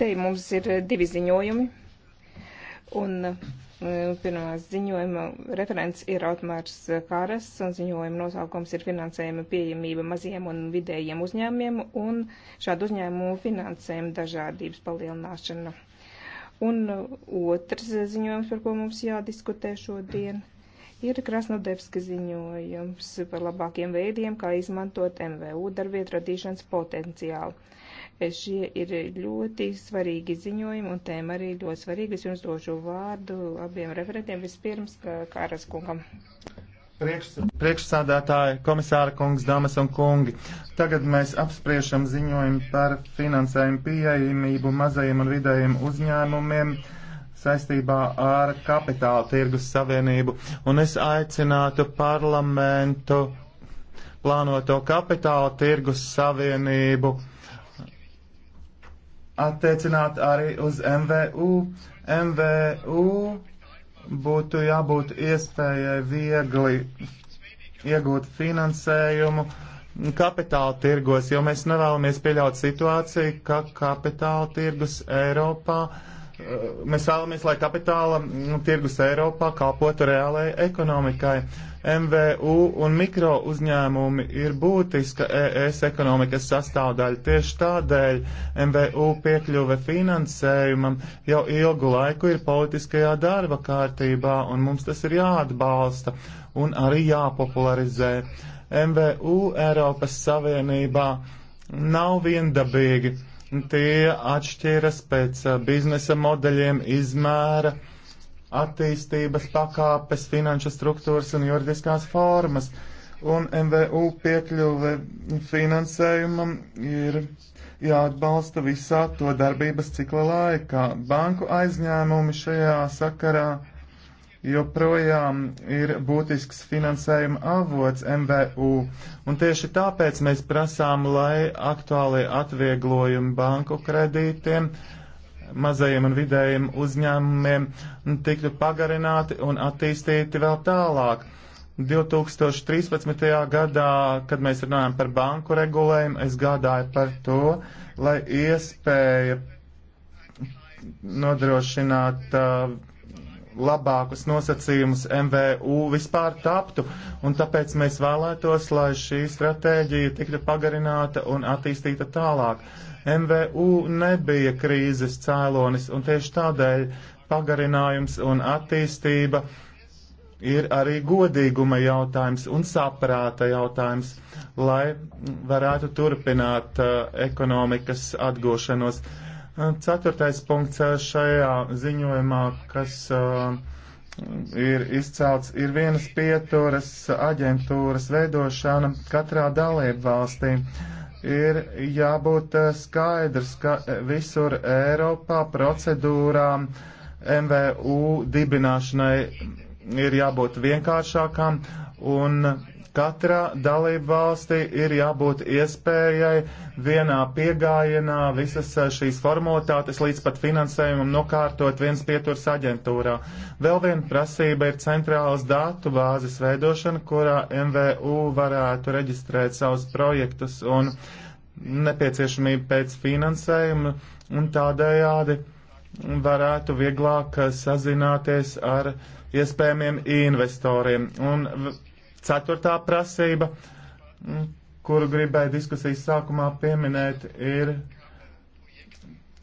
Te mums ir eh, divi ziņojumi. Un eh, pirmās ziņojuma referents ir Otmārs Kāras, un ziņojuma nosaukums ir finansējuma pieejamība maziem un vidējiem uzņēmiem un šādu uzņēmumu finansējuma dažādības palielināšana. Un eh, otrs ziņojums, par ko mums jādiskutē šodien, ir Krasnodebska ziņojums par labākiem veidiem, kā izmantot MVU darbvietu radīšanas potenciālu. Šie ir ļoti svarīgi ziņojumi un tēma arī ļoti svarīga. Es jums došu vārdu abiem referentiem vispirms Kāras kungam. Priekš, priekšsādātāji, komisāra kungs, dāmas un kungi, tagad mēs apspriešam ziņojumu par finansējumu pieejamību mazajiem un vidējiem uzņēmumiem saistībā ar kapitāla tirgus savienību. Un es aicinātu parlamentu plānoto kapitāla tirgus savienību attiecināt arī uz MVU. MVU būtu jābūt iespējai viegli iegūt finansējumu kapitāla tirgos, jo mēs nevēlamies pieļaut situāciju, ka kapitāla tirgus Eiropā uh, mēs vēlamies, lai kapitāla mm, tirgus Eiropā kalpotu reālajai ekonomikai. MVU un mikro uzņēmumi ir būtiska ES ekonomikas sastāvdaļa. Tieši tādēļ MVU piekļuve finansējumam jau ilgu laiku ir politiskajā darba kārtībā, un mums tas ir jāatbalsta un arī jāpopularizē. MVU Eiropas Savienībā nav viendabīgi Tie atšķiras pēc eh, biznesa modeļiem, izmēra, attīstības pakāpes, finanšu struktūras un juridiskās formas. Un MVU piekļuve finansējumam ir jāatbalsta visā to darbības cikla laikā. Banku aizņēmumi šajā sakarā joprojām ir būtisks finansējuma avots MVU, un tieši tāpēc mēs prasām, lai aktuālie atvieglojumi banku kredītiem mazajiem un vidējiem uzņēmumiem tiktu pagarināti un attīstīti vēl tālāk. 2013. gadā, kad mēs runājam par banku regulējumu, es gādāju par to, lai iespēja nodrošināt uh, labākus nosacījumus MVU vispār taptu, un tāpēc mēs vēlētos, lai šī stratēģija tiktu pagarināta un attīstīta tālāk. MVU nebija krīzes cēlonis, un tieši tādēļ pagarinājums un attīstība ir arī godīguma jautājums un saprāta jautājums, lai varētu turpināt uh, ekonomikas atgošanos. Uh, Ceturtais punkts eh, šajā ziņojumā, kas eh, ir izcelts, ir vienas pieturas aģentūras veidošana katrā dalību valstī. Ir jābūt eh, skaidrs, ka visur Eiropā procedūrām MVU dibināšanai ir jābūt vienkāršākām un Katrā dalību valstī ir jābūt iespējai vienā piegājienā visas eh, šīs formulitātes līdz pat finansējumam nokārtot viens pieturs aģentūrā. Vēl viena prasība ir centrālas datu bāzes veidošana, kurā MVU varētu reģistrēt savus projektus un nepieciešamību pēc finansējuma un tādējādi varētu vieglāk eh, sazināties ar iespējamiem investoriem. Un Ceturtā prasība, mm, kuru gribēju diskusijas sākumā pieminēt, ir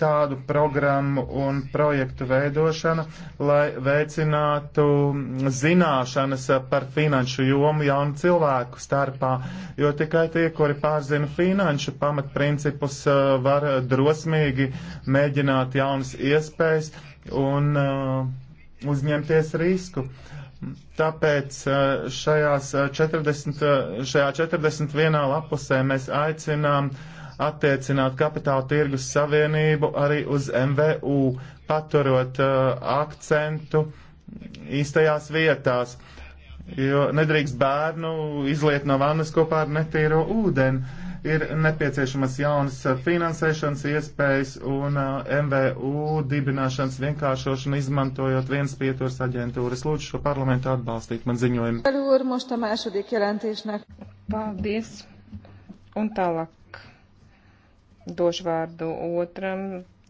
tādu programmu un projektu veidošana, lai veicinātu mm, zināšanas par finanšu jomu jaunu cilvēku starpā, jo tikai tie, kuri pārzina finanšu pamatprincipus, eh, var drosmīgi mēģināt jaunas iespējas un uh, uzņemties risku. Uh, Tāpēc eh, šajās 40, eh, eh, šajā 41. lapusē mēs aicinām attiecināt kapitāla tirgus savienību arī uz MVU, paturot uh, akcentu īstajās vietās, jo nedrīkst bērnu izliet no vannas kopā ar netīro ūdeni ir nepieciešamas jaunas eh, finansēšanas iespējas un eh, MVU dibināšanas vienkāršošana, izmantojot viens pieturs aģentūras. Lūdzu šo parlamentu atbalstīt man ziņojumu. Paldies. Un tālāk došu vārdu otram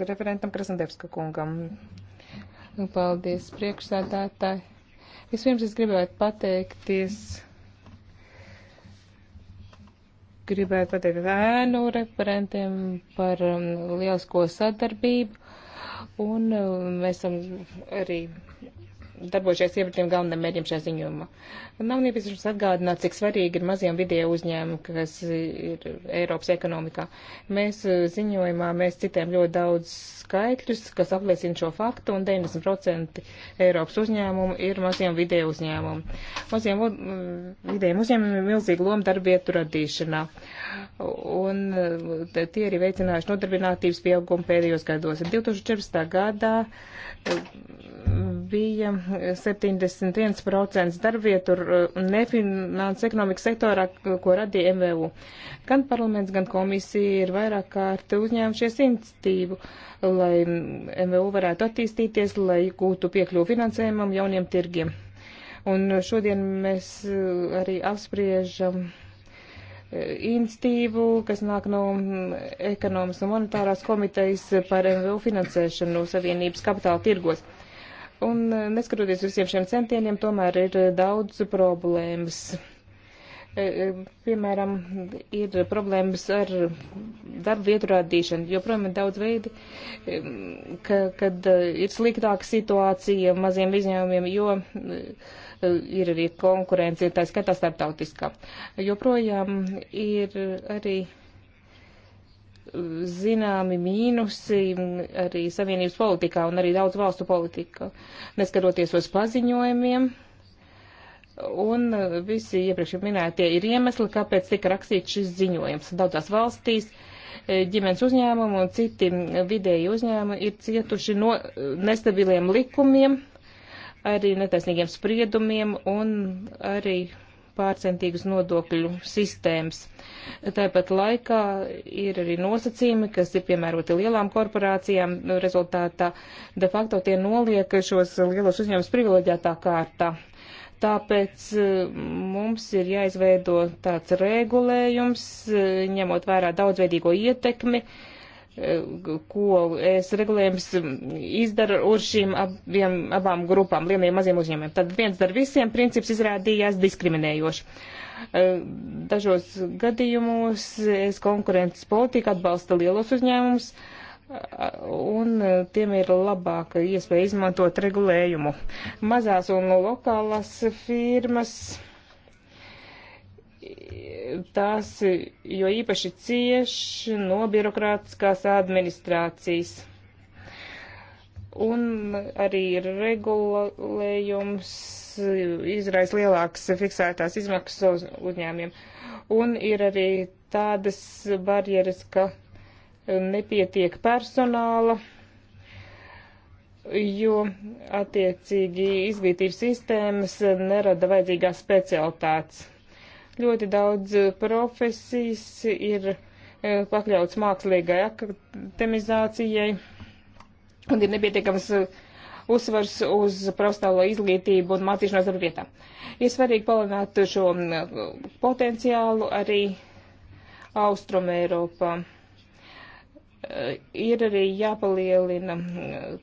referentam Krasnodebska kungam. Nu, paldies, priekšsēdētāji. Vispirms es gribētu pateikties gribētu pateikt ēnu referentiem par um, lielisko sadarbību, un um, mēs esam arī darbojušies ievērtiem galvenam mērķim šajā ziņojumā. Nav nepieciešams atgādināt, cik svarīgi ir maziem vidēju uzņēmumi, kas ir Eiropas ekonomikā. Mēs eh, ziņojumā, mēs citējam ļoti daudz skaitļus, kas apliecina šo faktu, un 90% Eiropas uzņēmumu ir maziem vidēju uzņēmumi. Maziem mm, vidējiem uzņēmumiem ir milzīga loma darbietu radīšanā, un eh, tie arī veicinājuši nodarbinātības pieaugumu pēdējos gados. 2014. gadā eh, bija 71% darbvietu nefinanses ekonomikas sektorā, ko radīja MVU. Gan parlaments, gan komisija ir vairāk kārt uzņēmušies institīvu, lai MVU varētu attīstīties, lai gūtu piekļuvu finansējumam jauniem tirgiem. Un šodien mēs eh, arī apspriežam eh, institīvu, kas nāk no mm, ekonomikas un monetārās komitejas par MVU finansēšanu savienības kapitāla tirgos. Un e, neskatoties visiem šiem centieniem, tomēr ir e, daudz problēmas. E, piemēram, ir problēmas ar darbu vietu rādīšanu, jo, protams, ir daudz veidi, ka, kad ir sliktāka situācija maziem izņēmumiem, jo ir arī konkurence, tā skaitā starptautiskā. Joprojām ir arī zināmi mīnusi arī savienības politikā un arī daudz valstu politikā, neskatoties uz paziņojumiem. Un e, visi iepriekš minētie ir iemesli, kāpēc tika rakstīts šis ziņojums. Daudzās valstīs e, ģimenes uzņēmumi un citi vidēji uzņēmumi ir cietuši no e, nestabiliem likumiem, arī netaisnīgiem spriedumiem un arī pārcentīgas nodokļu sistēmas. Tāpat laikā ir arī nosacījumi, kas ir piemēroti lielām korporācijām. Rezultātā de facto tie noliek šos lielos uzņēmumus privileģētā kārtā. Tāpēc mm, mums ir jāizveido tāds regulējums, ņemot vērā daudzveidīgo ietekmi, uh, ko es regulējums izdara uz šīm abiem, abām grupām, lieliem maziem uzņēmumiem. Tad viens dar visiem princips izrādījās diskriminējoši. E, dažos gadījumos es konkurences politiku atbalsta lielos uzņēmumus, un tiem ir labāka iespēja izmantot regulējumu. Mazās un lokālās firmas tās jo īpaši cieši no birokrātiskās administrācijas. Un arī regulējums izraisa lielākas fiksētās izmaksas uzņēmiem. Un ir arī tādas barjeras, ka nepietiek personāla, jo attiecīgi izglītības sistēmas nerada vajadzīgās specialitātes Ļoti daudz eh, profesijas ir eh, pakļauts mākslīgai akademizācijai un ir nepietiekams eh, uzsvars uz profesionālo izglītību un mācīšanos darba vietā. Ir svarīgi palielināt šo potenciālu arī Austrum Eiropā. Ir arī jāpalielina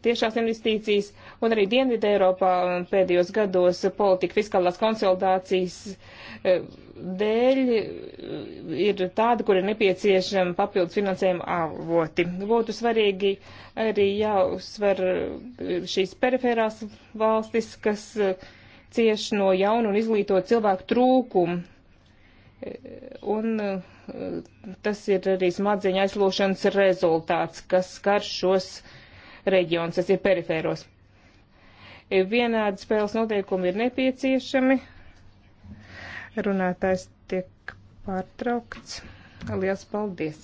tiešās investīcijas, un arī Dienvidē Eiropā pēdējos gados politika fiskālās konsolidācijas dēļ eh, ir tāda, kur ir nepieciešama papildus finansējuma avoti. Būtu svarīgi arī jāuzsver eh, šīs periferās valstis, kas eh, cieš no jaunu un izglītot cilvēku trūkumu. Un tas ir arī smadzeņa aizlūšanas rezultāts, kas skar šos reģionus, tas ir perifēros. Vienādi spēles noteikumi ir nepieciešami, Runātājs tiek pārtraukts. Lielas paldies!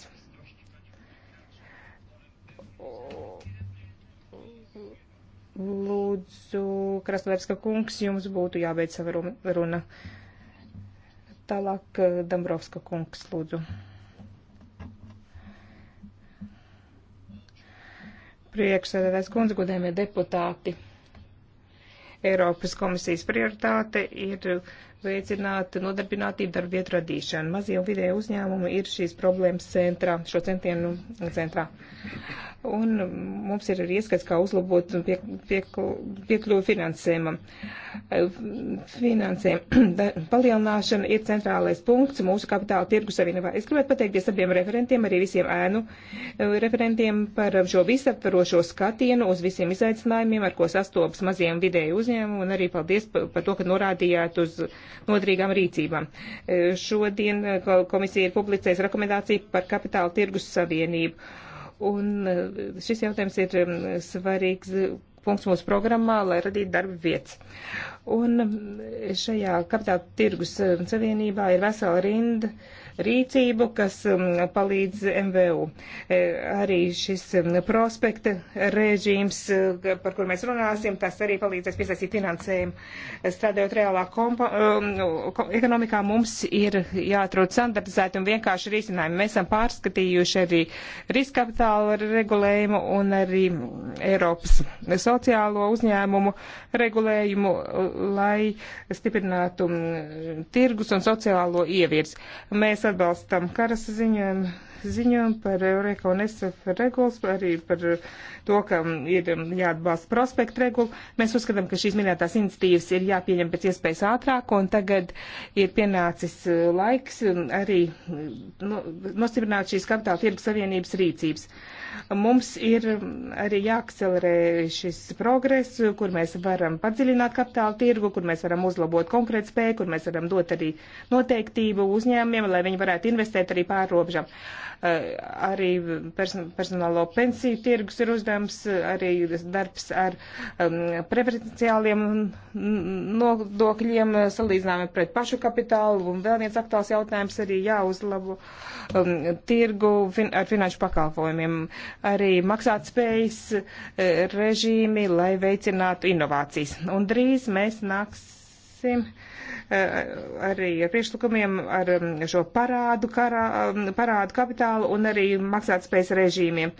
Lūdzu, Krasnodēļska kungs, jums būtu jābeidz sava runa. Tālāk eh, Dambrovska kungs, lūdzu. Priekšsēdētājs kundze, godējumie deputāti. Eiropas komisijas prioritāte ir veicināt nodarbinātību darba vietu radīšanu. Mazie un vidēji uzņēmumi ir šīs problēmas centrā, šo centienu centrā. Un mums ir arī ieskats, kā uzlabot pie, pie, piekļuvu finansējumam. Finansēm palielināšana ir centrālais punkts mūsu kapitāla tirgu savienībā. Es gribētu pateikties abiem referentiem, arī visiem ēnu eh, referentiem par šo visaptvarošo skatienu uz visiem izaicinājumiem, ar ko sastopas mazie un vidēji uzņēmumi uzņēmumu, un arī paldies par, par to, ka norādījāt uz nodrīgām rīcībām. E, šodien e, komisija ir publicējusi rekomendāciju par kapitāla tirgus savienību. Un e, šis jautājums ir svarīgs punkts mūsu programmā, lai radītu darba vietas. Un šajā kapitāla tirgus savienībā ir vesela rinda uh, rīcību, kas um, palīdz MVU. E, arī šis um, prospekta režīms, e, par kur mēs runāsim, tas arī palīdzēs piesaistīt finansējumu. Strādājot reālā kompa, um, ekonomikā, mums ir jāatrod standartizēti un vienkārši risinājumi. Mēs esam pārskatījuši arī riska kapitāla regulējumu un arī Eiropas sociālo uzņēmumu regulējumu, lai stiprinātu tirgus un sociālo ievirs. Mēs atbalstam karas ziņojumu, ziņojumu par Eureka un SF regulas, arī par to, ka ir um, jāatbalsta prospektu regulu. Mēs uzskatām, ka šīs minētās iniciatīvas ir jāpieņem pēc iespējas ātrāk, un tagad ir pienācis uh, laiks um, arī nu, nostiprināt šīs kapitāla tirgus savienības rīcības. Uh, Mums ir arī jāakcelerē šis progress, kur mēs varam padziļināt kapitāla tirgu, kur mēs varam uzlabot konkrētu spēju, kur mēs varam dot arī noteiktību uzņēmumiem, lai viņi varētu investēt arī pārrobežam. Eh, arī personālo pensiju tirgus ir uzdevums, arī darbs ar um, preferenciāliem nodokļiem salīdzinājumi pret pašu kapitālu. Un vēl viens aktuāls jautājums arī jāuzlabo um, tirgu fin ar finanšu pakalpojumiem arī maksātspējas e, režīmi, lai veicinātu inovācijas. Un drīz mēs nāksim Eh, arī ar priekšlikumiem ar mm, šo parādu, karā, mm, parādu kapitālu un arī maksātspējas režīmiem.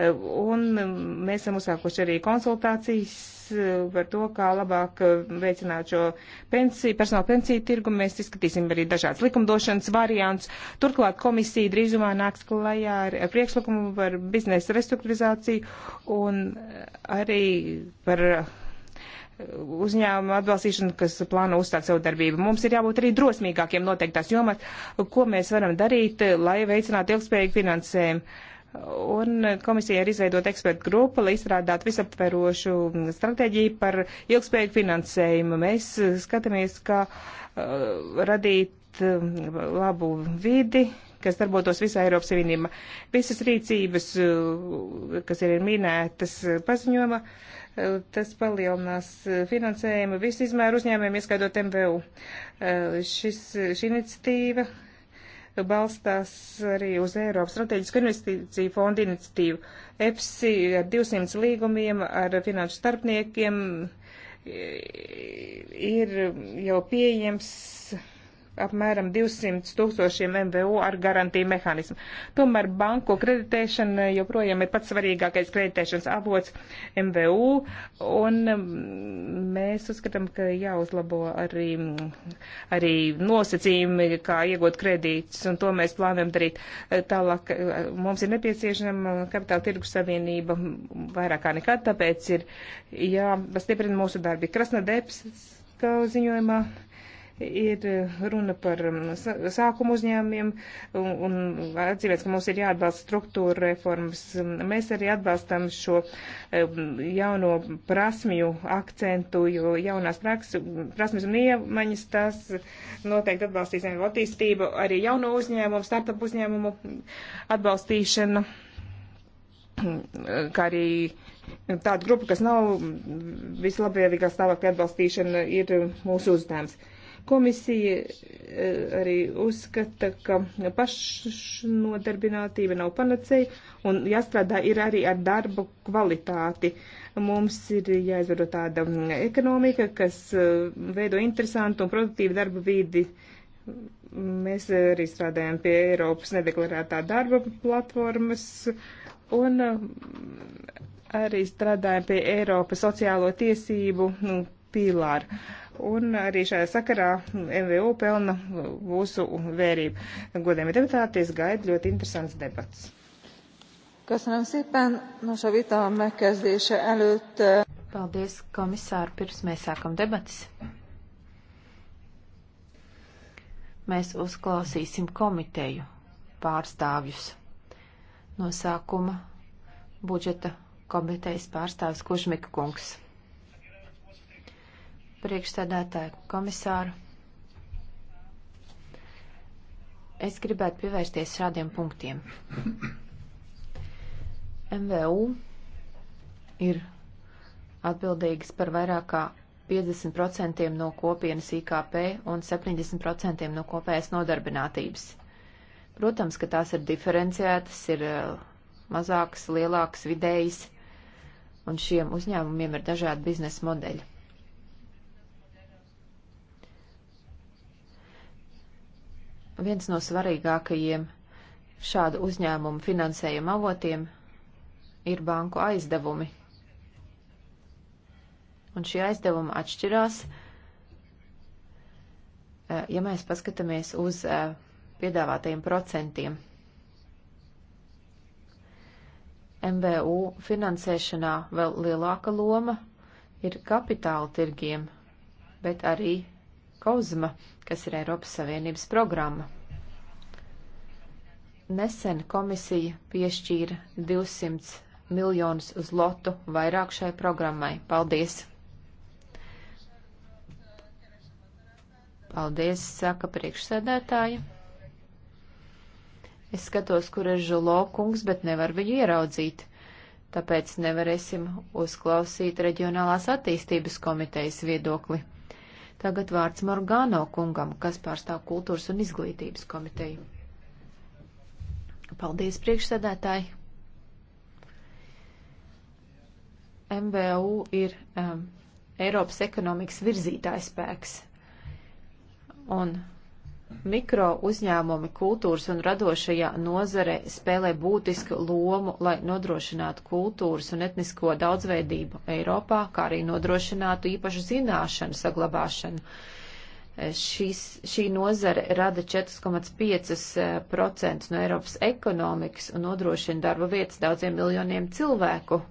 Eh, un mm, mēs esam uzsākuši arī konsultācijas eh, par to, kā labāk veicināt šo pensiju, personāla pensiju tirgu. Mēs izskatīsim arī dažādas likumdošanas variants. Turklāt komisija drīzumā nāks klajā ar priekšlikumu par biznesa restruktūrizāciju un arī par uzņēmumu atbalstīšanu, kas plāno uzsākt savu darbību. Mums ir jābūt arī drosmīgākiem noteiktās jomās, ko mēs varam darīt, lai veicinātu ilgspējīgu finansējumu. Un komisija ir izveidota ekspertu grupa, lai izstrādātu visaptverošu stratēģiju par ilgspējīgu finansējumu. Mēs skatāmies, kā uh, radīt uh, labu vidi, kas darbotos visā Eiropas Savienībā. Visas rīcības, uh, kas ir minētas uh, paziņojumā, Tas palielinās eh, finansējumu visu izmēru uzņēmumiem, ieskaidot MVU. Eh, šis, šī iniciatīva balstās arī uz Eiropas strateģisku investīciju fondu iniciatīvu. EPSI ar 200 līgumiem, ar finanšu starpniekiem eh, ir jau pieejams apmēram 200 tūkstošiem MVU ar garantiju mehānismu. Tomēr banku kreditēšana joprojām ir pats svarīgākais kreditēšanas avots MVU, un mm, mēs uzskatām, ka jāuzlabo arī, mm, arī nosacījumi, kā iegūt kredītus, un to mēs plānojam darīt tālāk. Mm, mums ir nepieciešama kapitāla tirgus savienība vairāk kā nekad, tāpēc ir jāpastiprina mūsu darbi. Krasnodebs ziņojumā ir eh, runa par mm, sākumu uzņēmumiem un atzīmēts, ka mums ir jāatbalsta struktūra reformas. Mm, mēs arī atbalstam šo eh, jauno prasmju akcentu, jo jaunās prasmes un iemaņas tas noteikti atbalstīs attīstību, arī jauno uzņēmumu, startup uzņēmumu atbalstīšanu, kā arī tāda grupa, kas nav vislabvēlīgā stāvoklī atbalstīšana, ir mūsu uzdevums. Komisija e, arī uzskata, ka pašnodarbinātība nav panacēja un jāstrādā ir arī ar darbu kvalitāti. Mums ir jāizvaro tāda mm, ekonomika, kas e, veido interesantu un produktīvu darbu vidi. Mēs arī strādājam pie Eiropas nedeklarētā darba platformas un e, arī strādājam pie Eiropas sociālo tiesību nu, pīlāra. Un arī šajā sakarā MVU pelna mūsu vērību. Godējumi deputāti, es gaidu ļoti interesants debats. Köszönöm szépen. Nos, a vita megkezdése előtt. Eh, Paldies, komisār, pirms mēs sākam debatas. Mēs uzklausīsim komiteju pārstāvjus. No sākuma budžeta komitejas pārstāvis Kožmika kungs priekšstādātāju komisāru. Es gribētu pievērsties šādiem punktiem. MVU ir atbildīgas par vairāk kā 50% no kopienas IKP un 70% no kopējas nodarbinātības. Protams, ka tās ir diferenciētas, ir eh, mazākas, lielākas, vidējas, un šiem uzņēmumiem ir dažādi biznesa modeļi. Viens no svarīgākajiem šādu uzņēmumu finansējuma avotiem ir banku aizdevumi. Un šie aizdevumi atšķirās, eh, ja mēs paskatāmies uz eh, piedāvātajiem procentiem. MVU finansēšanā vēl lielāka loma ir kapitāla tirgiem, bet arī Kozma, kas ir Eiropas Savienības programma. Nesen komisija piešķīra 200 miljonus uz lotu vairāk šai programmai. Paldies! Paldies, saka priekšsēdētāja. Es skatos, kur ir Žulo kungs, bet nevar viņu ieraudzīt tāpēc nevarēsim uzklausīt reģionālās attīstības komitejas viedokli. Tagad vārds Morgano kungam, kas pārstāv kultūras un izglītības komiteju. Paldies, priekšsēdētāji! MVU ir um, Eiropas ekonomikas virzītājspēks. Un Mikro uzņēmumi kultūras un radošajā nozare spēlē būtisku lomu, lai nodrošinātu kultūras un etnisko daudzveidību Eiropā, kā arī nodrošinātu īpašu zināšanu saglabāšanu. E, šis, šī nozare rada 4,5% e, no Eiropas ekonomikas un nodrošina darba vietas daudziem miljoniem cilvēku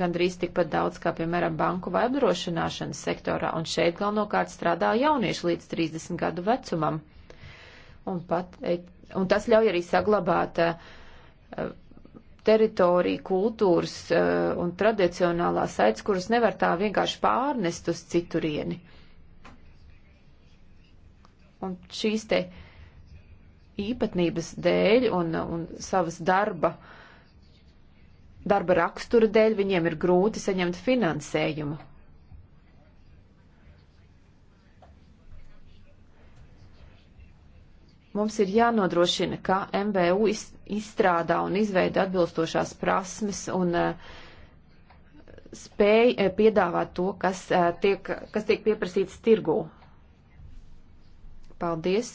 gandrīz tikpat daudz kā, piemēram, banku vai apdrošināšanas sektorā, un šeit galvenokārt strādā jaunieši līdz 30 gadu vecumam. Un, pat, e, un tas ļauj arī saglabāt e, teritoriju, kultūras e, un tradicionālās aitas, kuras nevar tā vienkārši pārnest uz citurieni. Un šīs te īpatnības dēļ un, un savas darba uh, darba rakstura dēļ viņiem ir grūti saņemt finansējumu. Mums ir jānodrošina, ka MBU izstrādā un izveida atbilstošās prasmes un uh, spēj eh, piedāvāt to, kas eh, tiek, kas tiek pieprasīts tirgū. Paldies!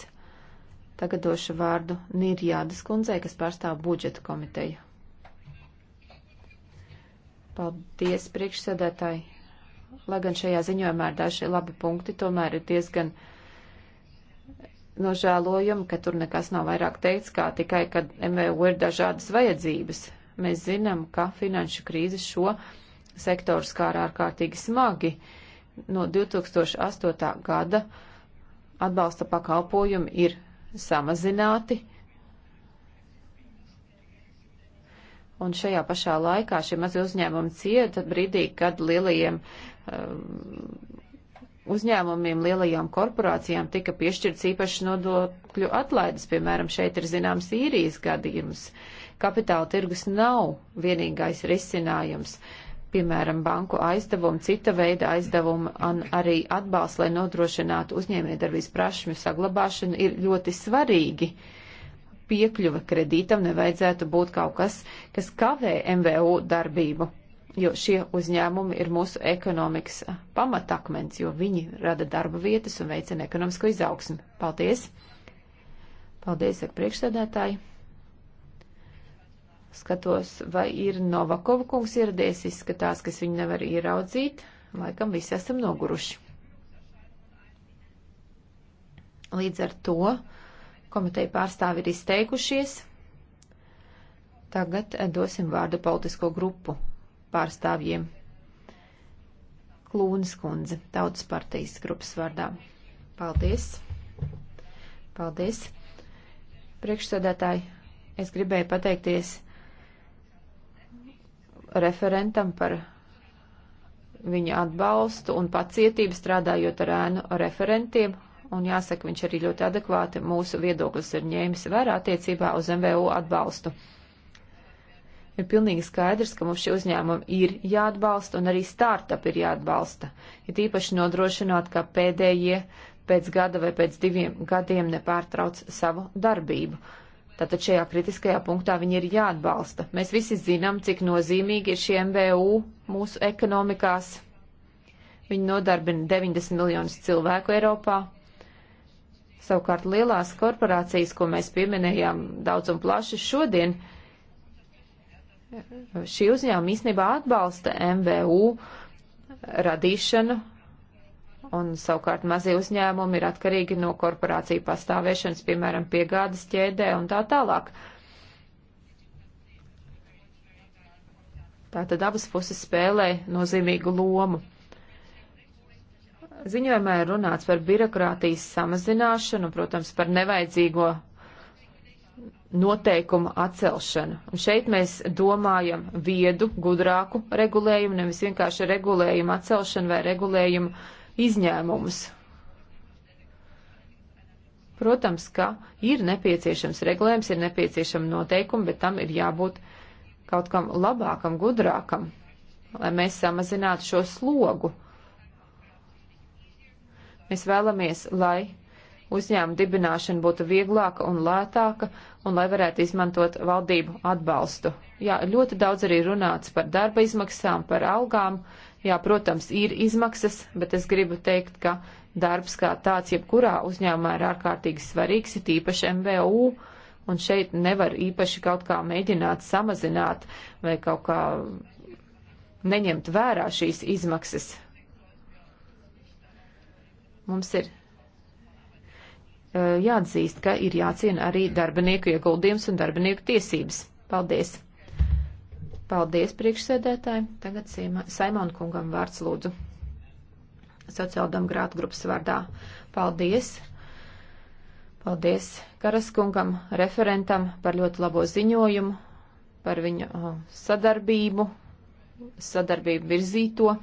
Tagad došu vārdu Nirjādas kundzei, kas pārstāv budžeta komiteju. Paldies, priekšsēdētāji. Lai gan šajā ziņojumā ir daži labi punkti, tomēr ir diezgan nožēlojami, ka tur nekas nav vairāk teikts, kā tikai, ka MVU ir dažādas vajadzības. Mēs zinām, ka finanšu krīze šo sektoru skāra ārkārtīgi smagi. No 2008. gada atbalsta pakalpojumi ir samazināti un šajā pašā laikā šie mazie uzņēmumi cieta brīdī, kad lielajiem um, uzņēmumiem, lielajām korporācijām tika piešķirts īpašs nodokļu atlaides. Piemēram, šeit ir zināms īrijas gadījums. Kapitāla tirgus nav vienīgais risinājums. Piemēram, banku aizdevumu, cita veida aizdevumu un arī atbalsts, lai nodrošinātu uzņēmējdarbības prašmju saglabāšanu, ir ļoti svarīgi. Uh, piekļuva kredītam nevajadzētu būt kaut kas, kas kavē MVU darbību, jo šie uzņēmumi ir mūsu ekonomikas pamatakmens, jo viņi rada darba vietas un veicina ekonomisko izaugsmu. Paldies! Paldies, saka priekšsēdētāji! Skatos, vai ir Novakova kungs ieradies, izskatās, ka viņu nevar ieraudzīt, laikam visi esam noguruši. Līdz ar to Komiteja pārstāvi ir izteikušies. Tagad eh, dosim vārdu politisko grupu pārstāvjiem. Klūnas kundze, Tautas partijas grupas vārdā. Paldies! Paldies! Priekšsēdētāji, es gribēju pateikties referentam par viņa atbalstu un pacietību strādājot ar ēnu referentiem un jāsaka, viņš arī ļoti adekvāti mūsu viedoklis ir ņēmis vērā attiecībā uz MVU atbalstu. Ir pilnīgi skaidrs, ka mums šie uzņēmumi ir jāatbalsta un arī startup ir jāatbalsta. Ir īpaši nodrošināt, ka pēdējie pēc gada vai pēc diviem gadiem nepārtrauc savu darbību. Tātad šajā kritiskajā punktā viņi ir jāatbalsta. Mēs visi zinām, cik nozīmīgi ir šie MVU mūsu ekonomikās. Viņi nodarbina 90 miljonus cilvēku Eiropā, Savukārt lielās korporācijas, ko mēs pieminējām daudz un plaši šodien, šī uzņēma īstenībā atbalsta MVU radīšanu, un savukārt mazie uzņēmumi ir atkarīgi no korporāciju pastāvēšanas, piemēram, piegādas ķēdē un tā tālāk. Tātad abas puses spēlē nozīmīgu lomu. Ziņojumā ir runāts par birokrātijas samazināšanu, protams, par nevajadzīgo noteikumu atcelšanu. Un šeit mēs domājam viedu, gudrāku regulējumu, nevis vienkārši regulējumu atcelšanu vai regulējumu izņēmumus. Protams, ka ir nepieciešams regulējums, ir nepieciešama noteikuma, bet tam ir jābūt kaut kam labākam, gudrākam, lai mēs samazinātu šo slogu Mēs vēlamies, lai uzņēmuma dibināšana būtu vieglāka un lētāka, un lai varētu izmantot valdību atbalstu. Jā, ļoti daudz arī runāts par darba izmaksām, par algām. Jā, protams, ir izmaksas, bet es gribu teikt, ka darbs kā tāds jebkurā uzņēmumā ir ārkārtīgi svarīgs, ir īpaši MVU, un šeit nevar īpaši kaut kā mēģināt samazināt vai kaut kā neņemt vērā šīs izmaksas. Mums ir e, jāatzīst, ka ir jāciena arī darbinieku ieguldījums un darbinieku tiesības. Paldies! Paldies priekšsēdētāji. Tagad Saimon kungam vārds lūdzu. Sociāldemokrāta grupas vārdā. Paldies! Paldies Karaskungam, referentam par ļoti labo ziņojumu, par viņu sadarbību, sadarbību virzīto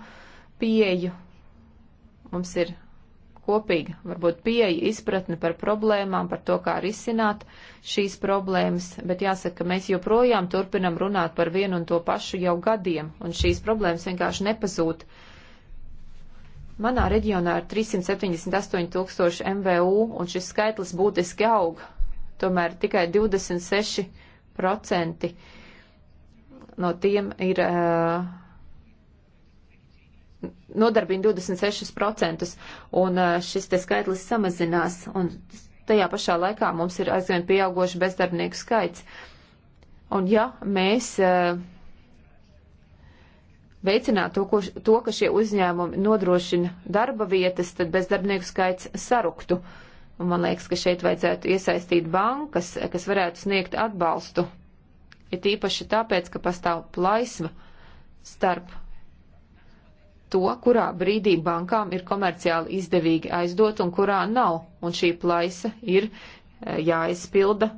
pieeju. Mums ir kopīga, varbūt pieeja, izpratne par problēmām, par to, kā risināt šīs problēmas, bet jāsaka, ka mēs joprojām turpinam runāt par vienu un to pašu jau gadiem, un šīs problēmas vienkārši nepazūd. Manā reģionā ir 378 tūkstoši MVU, un šis skaitlis būtiski aug, tomēr tikai 26% no tiem ir. Uh, nodarbina 26%, un šis te skaitlis samazinās, un tajā pašā laikā mums ir aizvien pieaugoši bezdarbnieku skaits. Un ja mēs veicinātu to, ko, to, ka šie uzņēmumi nodrošina darba vietas, tad bezdarbnieku skaits saruktu. Un man liekas, ka šeit vajadzētu iesaistīt bankas, kas varētu sniegt atbalstu. Ir ja tīpaši tāpēc, ka pastāv plaisma starp to, kurā brīdī bankām ir komerciāli izdevīgi aizdot un kurā nav, un šī plaisa ir e, jāizpilda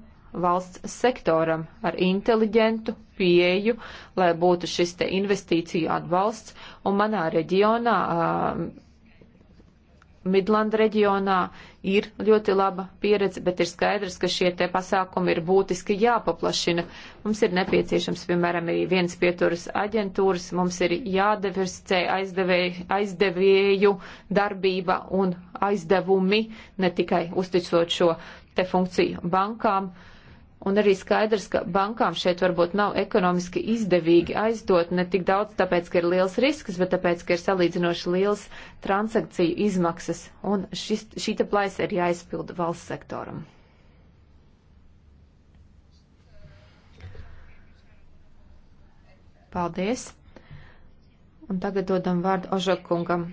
valsts sektoram ar inteliģentu pieju, lai būtu šis te investīciju atbalsts, un manā reģionā, Midland reģionā, uh, ir ļoti laba pieredze, bet ir skaidrs, ka šie te pasākumi ir būtiski jāpaplašina. Mums ir nepieciešams, piemēram, arī viens pieturas aģentūras, mums ir jādiversificē aizdevēju darbība un aizdevumi, ne tikai uzticot šo te funkciju bankām. Uh, Un arī skaidrs, ka bankām šeit varbūt nav ekonomiski izdevīgi aizdot ne tik daudz tāpēc, ka ir liels risks, bet tāpēc, ka ir salīdzinoši liels transakciju izmaksas. Un šis, šī te plaisa ir jāizpilda valsts sektoram. Paldies. Un tagad dodam vārdu Ožokungam.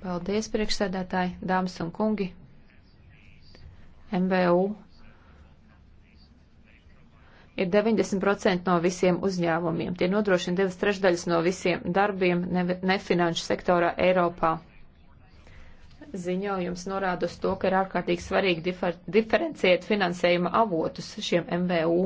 Paldies, priekšsēdētāji, dāmas un kungi. MVU ir 90% no visiem uzņēmumiem. Tie nodrošina divas trešdaļas no visiem darbiem nefinanšu ne sektorā Eiropā. Ziņojums norāda uz to, ka ir ārkārtīgi svarīgi difer diferenciēt finansējuma avotus šiem MVU.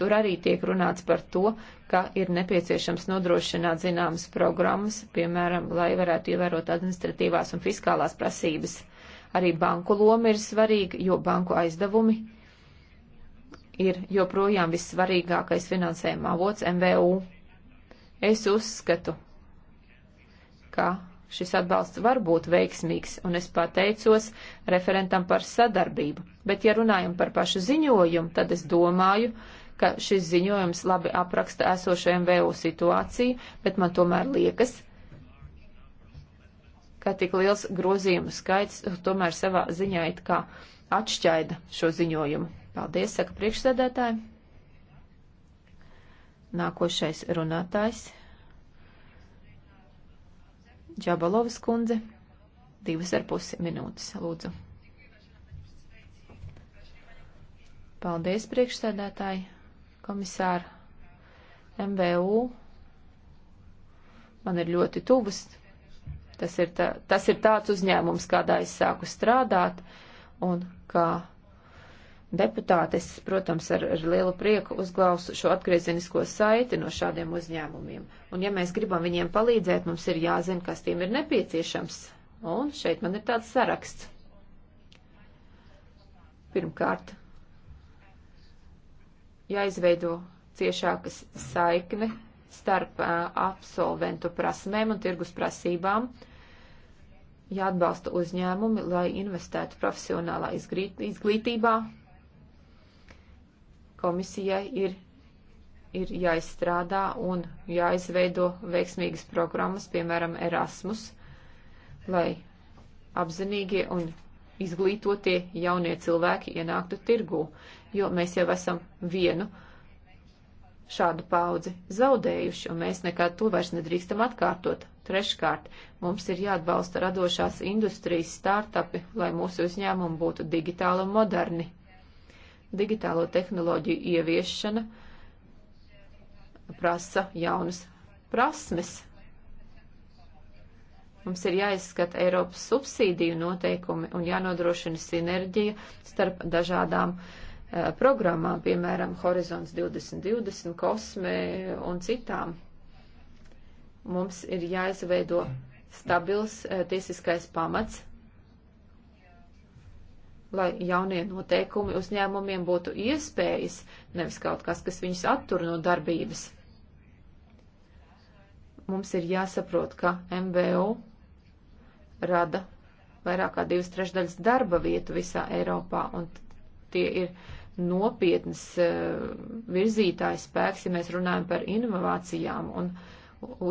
Tur arī tiek runāts par to, ka ir nepieciešams nodrošināt zināmas programmas, piemēram, lai varētu ievērot administratīvās un fiskālās prasības. Arī banku loma ir svarīga, jo banku aizdevumi ir joprojām vissvarīgākais finansējuma avots MVU. Es uzskatu, ka šis atbalsts var būt veiksmīgs, un es pateicos referentam par sadarbību. Bet, ja runājam par pašu ziņojumu, tad es domāju, ka šis ziņojums labi apraksta esošo MVU situāciju, bet man tomēr liekas, ka tik liels grozījumu skaits tomēr savā ziņā it kā atšķaida šo ziņojumu. Paldies, saka priekšsēdētāji. Nākošais runātājs Džabalovas kundze, divas ar pusi minūtes, lūdzu. Paldies, priekšsēdētāji, komisāri, MVU. Man ir ļoti tuvas. Tas ir, tā, tas ir tāds uzņēmums, kādā es sāku strādāt un kā deputātes, protams, ar, ar lielu prieku uzklausu šo atgriezenisko saiti no šādiem uzņēmumiem. Un ja mēs gribam viņiem palīdzēt, mums ir jāzina, kas tiem ir nepieciešams. Un šeit man ir tāds saraksts. Pirmkārt, jāizveido ciešākas saikne starp uh, absolventu prasmēm un tirgus prasībām. Jāatbalsta uzņēmumi, lai investētu profesionālā izglītībā, Komisijai ir, ir jāizstrādā un jāizveido veiksmīgas programmas, piemēram, Erasmus, lai apzinīgie un izglītotie jaunie cilvēki ienāktu tirgū, jo mēs jau esam vienu šādu paudzi zaudējuši, un mēs nekad to vairs nedrīkstam atkārtot. Treškārt, mums ir jāatbalsta radošās industrijas startupi, lai mūsu uzņēmumi būtu digitāli un moderni. Digitālo tehnoloģiju ieviešana prasa jaunas prasmes. Mums ir jāizskata Eiropas subsīdiju noteikumi un jānodrošina sinerģija starp dažādām uh, programmām, piemēram, Horizons 2020, Kosme un citām. Mums ir jāizveido stabils uh, tiesiskais pamats lai jaunie noteikumi uzņēmumiem būtu iespējas, nevis kaut kas, kas viņus attur no darbības. Mums ir jāsaprot, ka MVU rada vairāk kā divas trešdaļas darba vietu visā Eiropā, un tie ir nopietnas eh, virzītājs spēks, ja mēs runājam par inovācijām un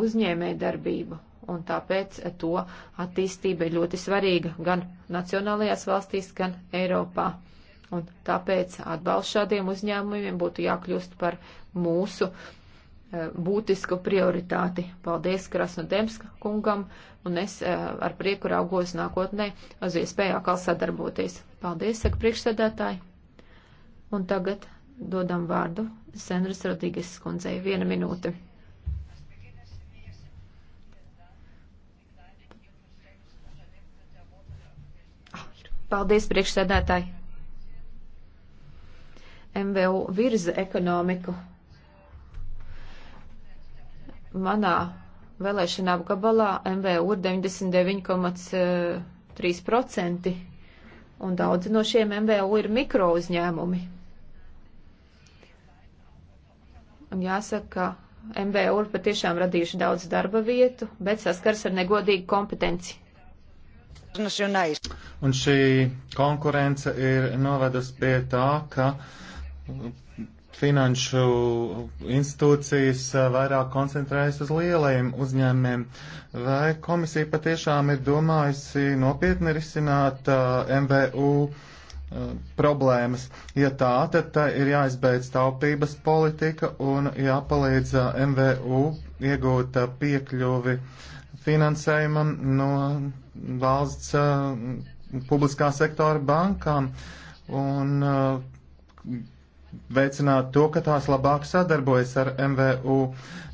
uzņēmē darbību un tāpēc to attīstība ir ļoti svarīga gan nacionālajās valstīs, gan Eiropā. Un tāpēc atbalsts šādiem uzņēmumiem būtu jākļūst par mūsu e, būtisku prioritāti. Paldies Krasnodemska kungam, un es e, ar prieku raugos nākotnē uz iespēju atkal sadarboties. Paldies, saka priekšsēdētāji. Un tagad dodam vārdu Senras Rodīgas skundzei. Viena minūte. Paldies, priekšsēdētāji. MVU virza ekonomiku. Manā vēlēšana apgabalā MVU ir 99,3% eh, un daudzi no šiem MVU ir mikro uzņēmumi. Un jāsaka, ka MVU ir patiešām radījuši daudz darba vietu, bet saskars ar negodīgu kompetenci. Un šī konkurence ir novedusi pie tā, ka finanšu institūcijas vairāk koncentrējas uz lielajiem uzņēmumiem. Vai komisija patiešām ir domājusi nopietni risināt uh, MVU uh, problēmas? Ja tā, tad tā ir jāizbeidz taupības politika un jāpalīdz uh, MVU iegūt piekļuvi uh, finansējumam no valsts eh, publiskā sektora bankām un eh, veicināt to, ka tās labāk sadarbojas ar MVU.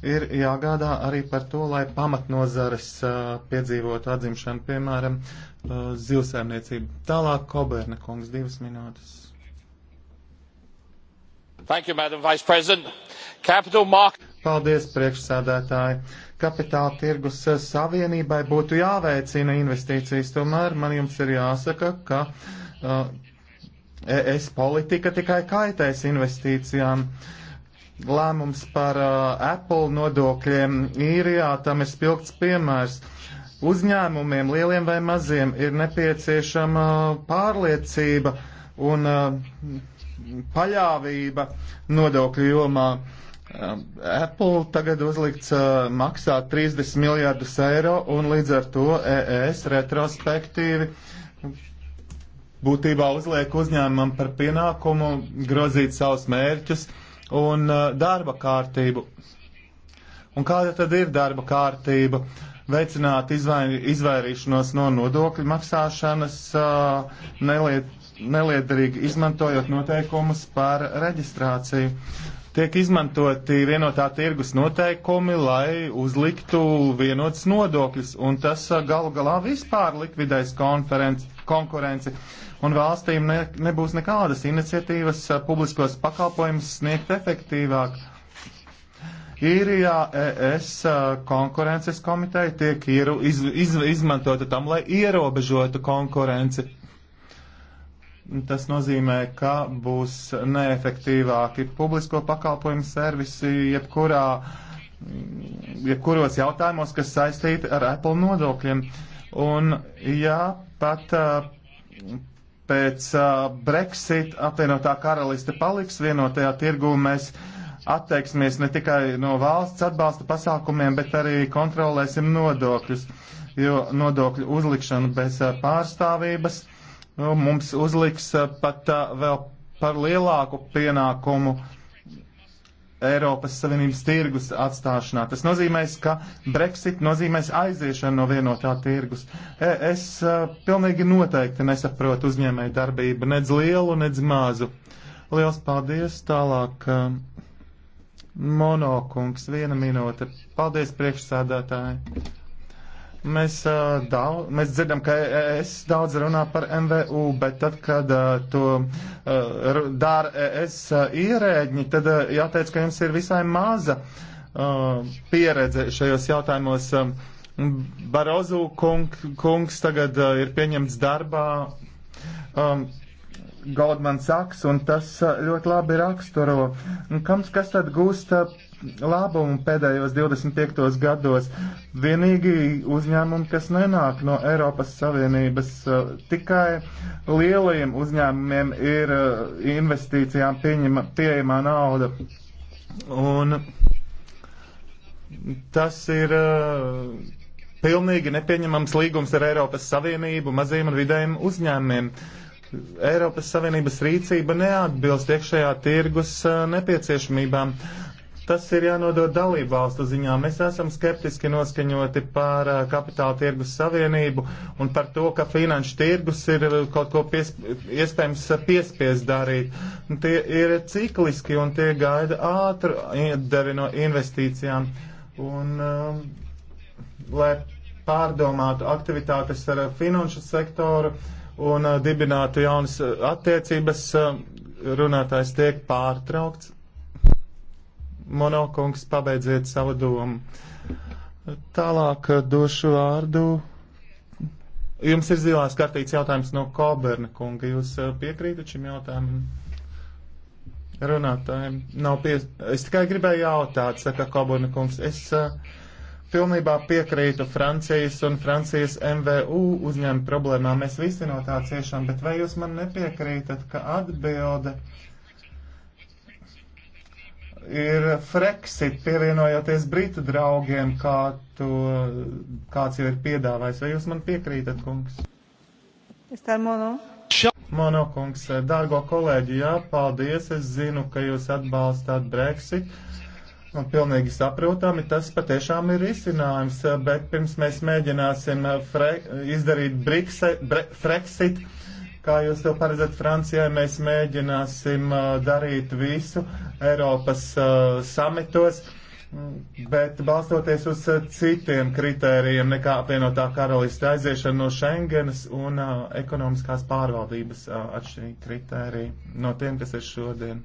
Ir jāgādā arī par to, lai pamatnozares eh, piedzīvotu atzimšanu, piemēram, zilsēmniecību. Tālāk Koberna kungs, divas minūtes. Thank you, Madam Vice President. Capital market. Paldies, priekšsādātāji kapitāla tirgus eh, savienībai būtu jāveicina investīcijas. Tomēr man jums ir jāsaka, ka uh, eh, es politika tikai kaitēs investīcijām. Lēmums par uh, Apple nodokļiem īrijā tam ir spilgts piemērs. Uzņēmumiem, lieliem vai maziem, ir nepieciešama pārliecība un uh, paļāvība nodokļu jomā. Uh, Um, Apple tagad uzlikts uh, maksāt 30 miljārdus eiro un līdz ar to ES e retrospektīvi būtībā uzliek uzņēmumam par pienākumu grozīt savus mērķus un uh, darba kārtību. Un kāda tad ir darba kārtība? Veicināt izvair, izvairīšanos no nodokļu maksāšanas, uh, neliet, neliederīgi izmantojot noteikumus par reģistrāciju tiek izmantoti vienotā tirgus noteikumi, lai uzliktu vienotas nodokļus, un tas uh, galu galā vispār likvidēs konkurenci, un valstīm ne, nebūs nekādas iniciatīvas uh, publiskos pakalpojumus sniegt efektīvāk. Īrijā ES uh, konkurences komiteja tiek ieru, iz, iz, izmantota tam, lai ierobežotu konkurenci Tas nozīmē, ka būs neefektīvāki publisko pakalpojumu servisi jebkurā, jebkuros jautājumos, kas saistīti ar Apple nodokļiem. Un jā, pat uh, pēc uh, Brexit apvienotā karaliste paliks vienotajā tirgū, mēs atteiksimies ne tikai no valsts atbalsta pasākumiem, bet arī kontrolēsim nodokļus, jo nodokļu uzlikšana bez uh, pārstāvības nu, mums uzliks eh, pat eh, vēl par lielāku pienākumu Eiropas Savienības tirgus atstāšanā. Tas nozīmēs, ka Brexit nozīmēs aiziešanu no vienotā tirgus. E, es eh, pilnīgi noteikti nesaprotu uzņēmēju darbību, nedz lielu, nedz mazu. Liels paldies! Tālāk monokungs, viena minūte. Paldies priekšsādātāji! Mēs, uh, daudz, mēs dzirdam, ka ES daudz runā par MVU, bet tad, kad uh, to uh, dara ES uh, ierēģi, tad uh, jāteic, ka jums ir visai maza uh, pieredze šajos jautājumos. Um, Barozu kung, kungs tagad uh, ir pieņemts darbā um, Goldman Sachs, un tas uh, ļoti labi raksturo. Un, kam, kas tad gūst uh, labumu pēdējos 25 gados. Vienīgi uzņēmumi, kas nenāk no Eiropas Savienības, uh, tikai lielajiem uzņēmumiem ir uh, investīcijām pieņema, pieejamā nauda. Un tas ir uh, pilnīgi nepieņemams līgums ar Eiropas Savienību maziem un vidējiem uzņēmumiem. Eiropas Savienības rīcība neatbilst iekšējā tirgus nepieciešamībām. Uh, Tas ir jānodod dalību valstu ziņā. Mēs esam skeptiski noskaņoti par kapitāla tirgus savienību un par to, ka finanšu tirgus ir kaut ko pies, iespējams piespies darīt. Tie ir cikliski un tie gaida ātru devi no investīcijām. Un, um, lai pārdomātu aktivitātes ar finanšu sektoru un uh, dibinātu jaunas attiecības, uh, runātājs tiek pārtraukts. Monokungs, pabeidziet savu domu. Tālāk eh, došu vārdu. Jums ir zilās kartīts jautājums no Koberna kunga. Jūs eh, piekrītat šim jautājumam? Runātājiem nav pie... Es tikai gribēju jautāt, saka Koberna kungs. Es uh, pilnībā piekrītu Francijas un Francijas MVU uzņēmu problēmām. Mēs visi no tā ciešam, bet vai jūs man nepiekrītat, ka atbilde. Uh, ir Frexit, pievienojoties Britu draugiem, kā to, kāds jau ir piedāvājis. Vai jūs man piekrītat, kungs? Es tā mono. Mono, kungs, dārgo kolēģi, jā, paldies. Es zinu, ka jūs atbalstāt Brexit. Un pilnīgi saprotami, tas patiešām ir risinājums, bet pirms mēs mēģināsim fre, izdarīt Brexit, bre, Frexit. Bre, kā jūs to paredzat Francijai, mēs mēģināsim uh, darīt visu Eiropas uh, samitos, mm, bet balstoties uz uh, citiem kritērijiem nekā apvienotā karalista aiziešana no Schengenas un uh, ekonomiskās pārvaldības uh, atšķirīgi kritēriji no tiem, kas ir šodien.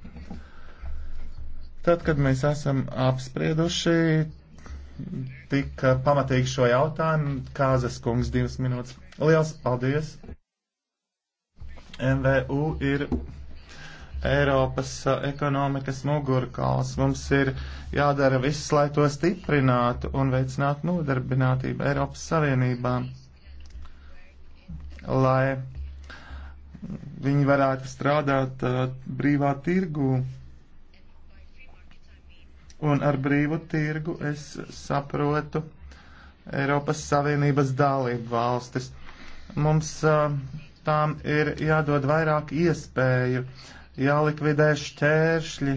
Tad, kad mēs esam apsprieduši tik pamatīgi šo jautājumu, Kāzas kungs divas minūtes. Liels paldies! MVU ir Eiropas ekonomikas mugurkauls. Mums ir jādara viss, lai to stiprinātu un veicinātu nodarbinātību Eiropas Savienībā, lai viņi varētu strādāt uh, brīvā tirgū. Un ar brīvu tirgu es saprotu Eiropas Savienības dalību valstis. Mums uh, tām ir jādod vairāk iespēju, jālikvidē šķēršļi,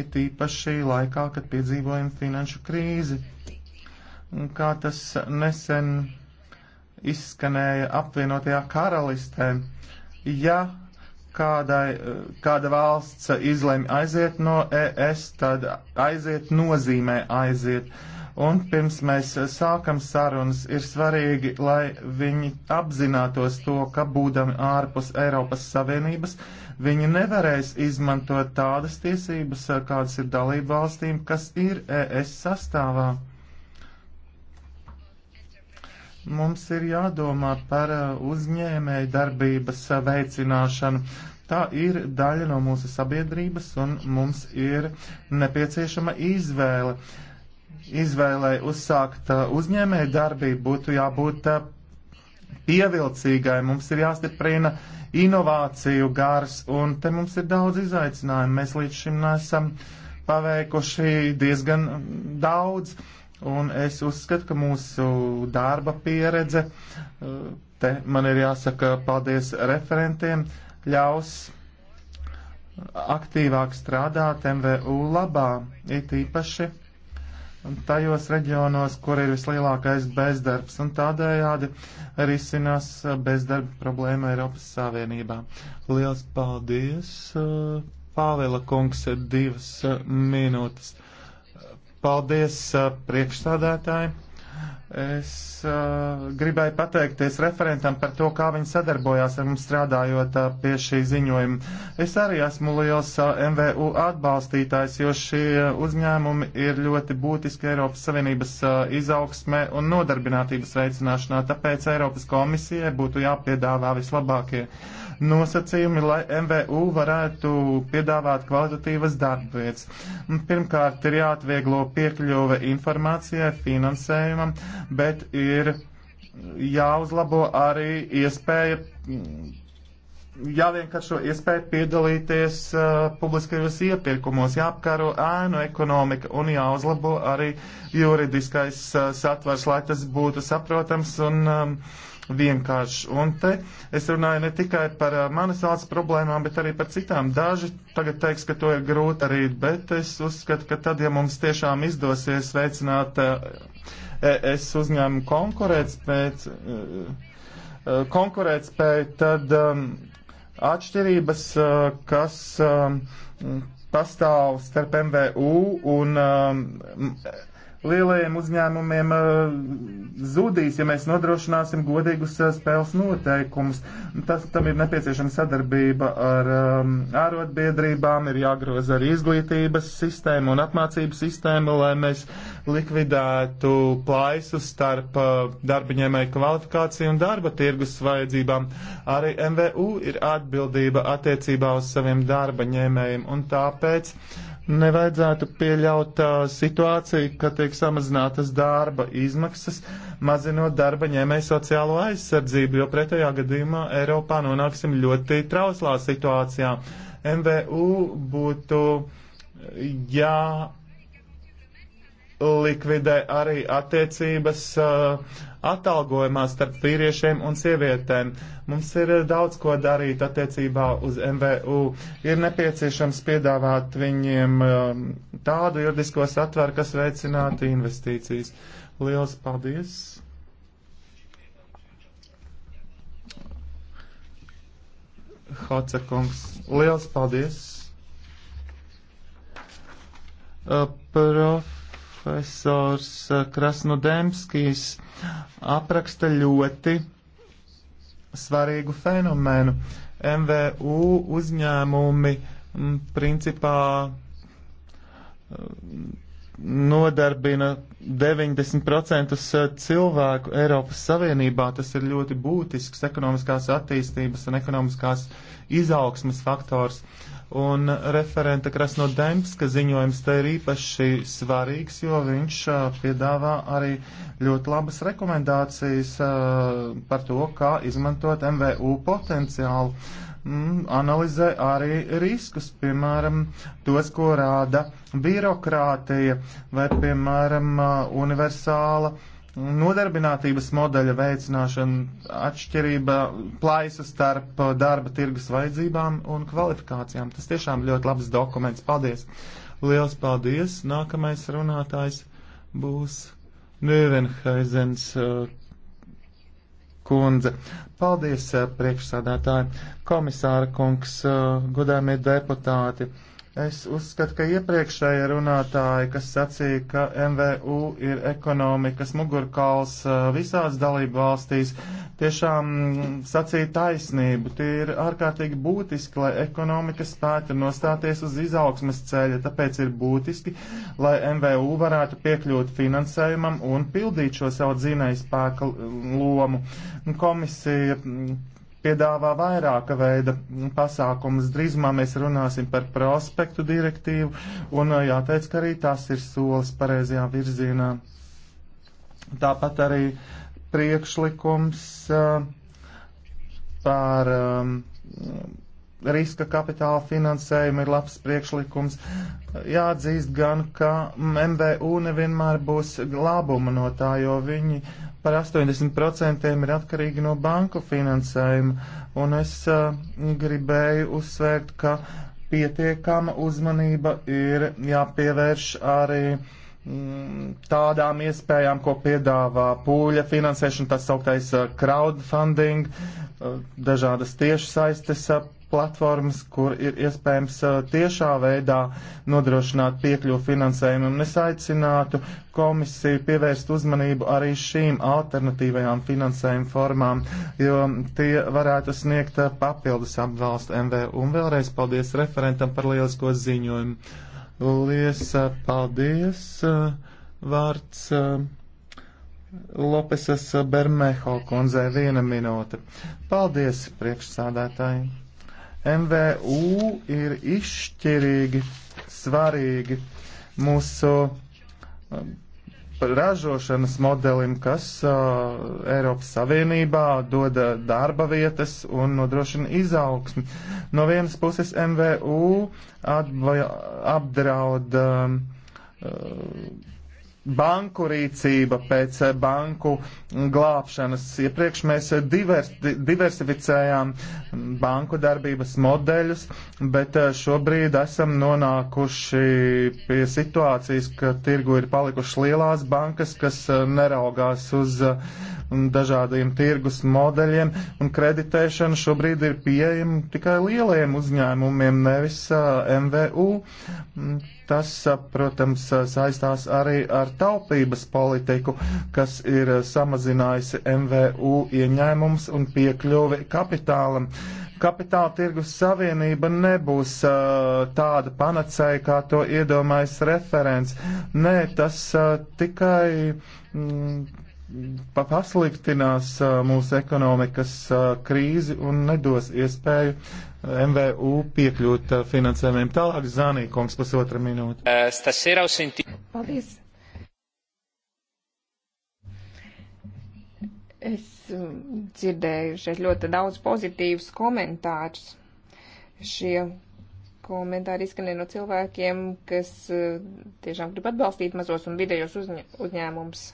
it īpaši laikā, kad piedzīvojam finanšu krīzi. Un kā tas nesen izskanēja apvienotajā karalistē, ja kādai, kāda valsts izlemj aiziet no ES, tad aiziet nozīmē aiziet. Uh, Un pirms mēs eh, sākam sarunas, ir svarīgi, lai viņi apzinātos to, ka būdami ārpus Eiropas Savienības, viņi nevarēs izmantot tādas tiesības, eh, kādas ir dalību valstīm, kas ir ES sastāvā. Mums ir jādomā par eh, uzņēmēju darbības veicināšanu. Tā ir daļa no mūsu sabiedrības un mums ir nepieciešama izvēle. Uh, izvēlei uzsākt uh, uzņēmēju darbību būtu jābūt uh, pievilcīgai. Mums ir jāstiprina inovāciju gars, un te mums ir daudz izaicinājumu. Mēs līdz šim nesam paveikuši diezgan um, daudz, un es uzskatu, ka mūsu darba pieredze, uh, te man ir jāsaka paldies referentiem, ļaus aktīvāk strādāt MVU labā, it īpaši tajos reģionos, kur ir vislielākais bezdarbs, un tādējādi risinās uh, bezdarba problēma Eiropas Savienībā. Liels paldies, uh, Pāvila kungs, divas uh, minūtes. Paldies priekšstādētāji. Es uh, gribēju pateikties referentam par to, kā viņi sadarbojās ar mums strādājot uh, pie šī ziņojuma. Es arī esmu liels uh, MVU atbalstītājs, jo šie uzņēmumi ir ļoti būtiski Eiropas Savienības uh, izaugsmē un nodarbinātības veicināšanā, tāpēc Eiropas komisijai būtu jāpiedāvā vislabākie. Uh, nosacījumi, lai MVU varētu piedāvāt kvalitatīvas darbvietas. Pirmkārt, ir jāatvieglo piekļuve informācijai, finansējumam, bet ir jāuzlabo arī iespēja jāvienkāršo iespēju piedalīties uh, publiskajos iepirkumos, jāapkaro ēnu ekonomika un jāuzlabo arī juridiskais uh, satvers, lai tas būtu saprotams un um, uh, vienkāršs. Un te es runāju ne tikai par manas valsts problēmām, bet arī par citām. Daži tagad teiks, ka to ir grūti arī, bet es uzskatu, ka tad, ja mums tiešām izdosies veicināt es uzņēmumu konkurētspēju, konkurētspēju, tad atšķirības, kas pastāv starp MVU un lielajiem uzņēmumiem uh, zudīs, ja mēs nodrošināsim godīgus uh, spēles noteikumus. Tas, tam ir nepieciešama sadarbība ar um, ārotbiedrībām, ir jāgroza arī izglītības sistēma un apmācības sistēma, lai mēs likvidētu plaisu starp uh, darbiņēmēju kvalifikāciju un darba tirgus vajadzībām. Arī MVU ir atbildība attiecībā uz saviem darbaņēmējiem un tāpēc uh, nevajadzētu pieļaut uh, situāciju, ka tiek samazinātas darba izmaksas, mazinot darba ņēmēju sociālo aizsardzību, jo pretējā gadījumā Eiropā nonāksim ļoti trauslā situācijā. MVU būtu jā. Ja likvidē arī attiecības uh, atalgojumā starp vīriešiem un sievietēm. Mums ir uh, daudz ko darīt attiecībā uz MVU. Ir nepieciešams piedāvāt viņiem um, tādu juridisko satvaru, kas veicinātu investīcijas. Lielas paldies! Hocekungs, liels paldies! Uh, prof profesors eh, Krasnodemskis apraksta ļoti svarīgu fenomenu. MVU uzņēmumi mm, principā eh, nodarbina 90% eh, cilvēku Eiropas Savienībā. Tas ir ļoti būtisks ekonomiskās attīstības un ekonomiskās izaugsmas faktors. Uh, Un referenta Krasnodemska ziņojums te ir īpaši svarīgs, jo viņš piedāvā arī ļoti labas rekomendācijas par to, kā izmantot MVU potenciālu. Mm, analizē arī riskus, piemēram, tos, ko rāda birokrātija vai, piemēram, universāla Nodarbinātības modeļa veicināšana atšķirība plaisa starp darba tirgus vajadzībām un kvalifikācijām. Tas tiešām ļoti labs dokuments. Paldies! Liels paldies! Nākamais runātājs būs Nīvenhaizens uh, kundze. Paldies, uh, priekšsādātāji, komisāra kungs, uh, godāmie deputāti! Es uzskatu, ka iepriekšēja runātāja, kas sacīja, ka MVU ir ekonomikas mugurkauls uh, visās dalību valstīs, tiešām mm, sacīja taisnību. Tie ir ārkārtīgi būtiski, lai ekonomika spētu nostāties uz izaugsmes ceļa, tāpēc ir būtiski, lai MVU varētu piekļūt finansējumam un pildīt šo savu dzīvēju spēka mm, lomu. Komisija mm, piedāvā vairāka veida pasākumus. Drīzumā mēs runāsim par prospektu direktīvu, un jāteic, ka arī tas ir solis pareizajā virzienā. Tāpat arī priekšlikums par riska kapitāla finansējumu ir labs priekšlikums. Jāatzīst gan, ka MVU nevienmēr būs labuma no tā, jo viņi par 80% ir atkarīgi no banku finansējuma, un es uh, gribēju uzsvērt, ka pietiekama uzmanība ir jāpievērš arī mm, tādām iespējām, ko piedāvā pūļa finansēšana, tas sauktais eh, crowdfunding, eh, dažādas tiešsaistes platformas, kur ir iespējams uh, tiešā veidā nodrošināt piekļuvu finansējumam. Es aicinātu komisiju pievērst uzmanību arī šīm alternatīvajām finansējuma formām, jo tie varētu sniegt uh, papildus apvalstu MVU. Un vēlreiz paldies referentam par lielisko ziņojumu. Lies, uh, paldies. Vārds. Lopesas Bermeho kundzei viena minūte. Paldies priekšsādātājiem! MVU ir izšķirīgi svarīgi mūsu um, ražošanas modelim, kas uh, Eiropas Savienībā dod uh, darba vietas un nodrošina izaugsmi. No vienas puses MVU apdraud um, uh, banku rīcība, pēc banku glābšanas. Iepriekš mēs divers, diversificējām banku darbības modeļus, bet eh, šobrīd esam nonākuši pie situācijas, ka tirgu ir palikušas lielās bankas, kas eh, neraugās uz eh, dažādiem tirgus modeļiem, un kreditēšana šobrīd ir pieejama tikai lielajiem uzņēmumiem, nevis MVU Tas, protams, saistās arī ar taupības politiku, kas ir samazinājusi MVU ieņēmums un piekļuvi kapitālam. Kapitāla tirgus savienība nebūs uh, tāda panacēja, kā to iedomājas referents. Nē, tas uh, tikai mm, pasliktinās uh, mūsu ekonomikas uh, krīzi un nedos iespēju uh, MVU piekļūt uh, finansējumiem. Tālāk Zanīkungs pusotra minūte. Uh, Paldies. Es um, dzirdēju šeit ļoti daudz pozitīvus komentārus. Šie komentāri izskanēja no cilvēkiem, kas uh, tiešām grib atbalstīt mazos un vidējos uzņēmumus,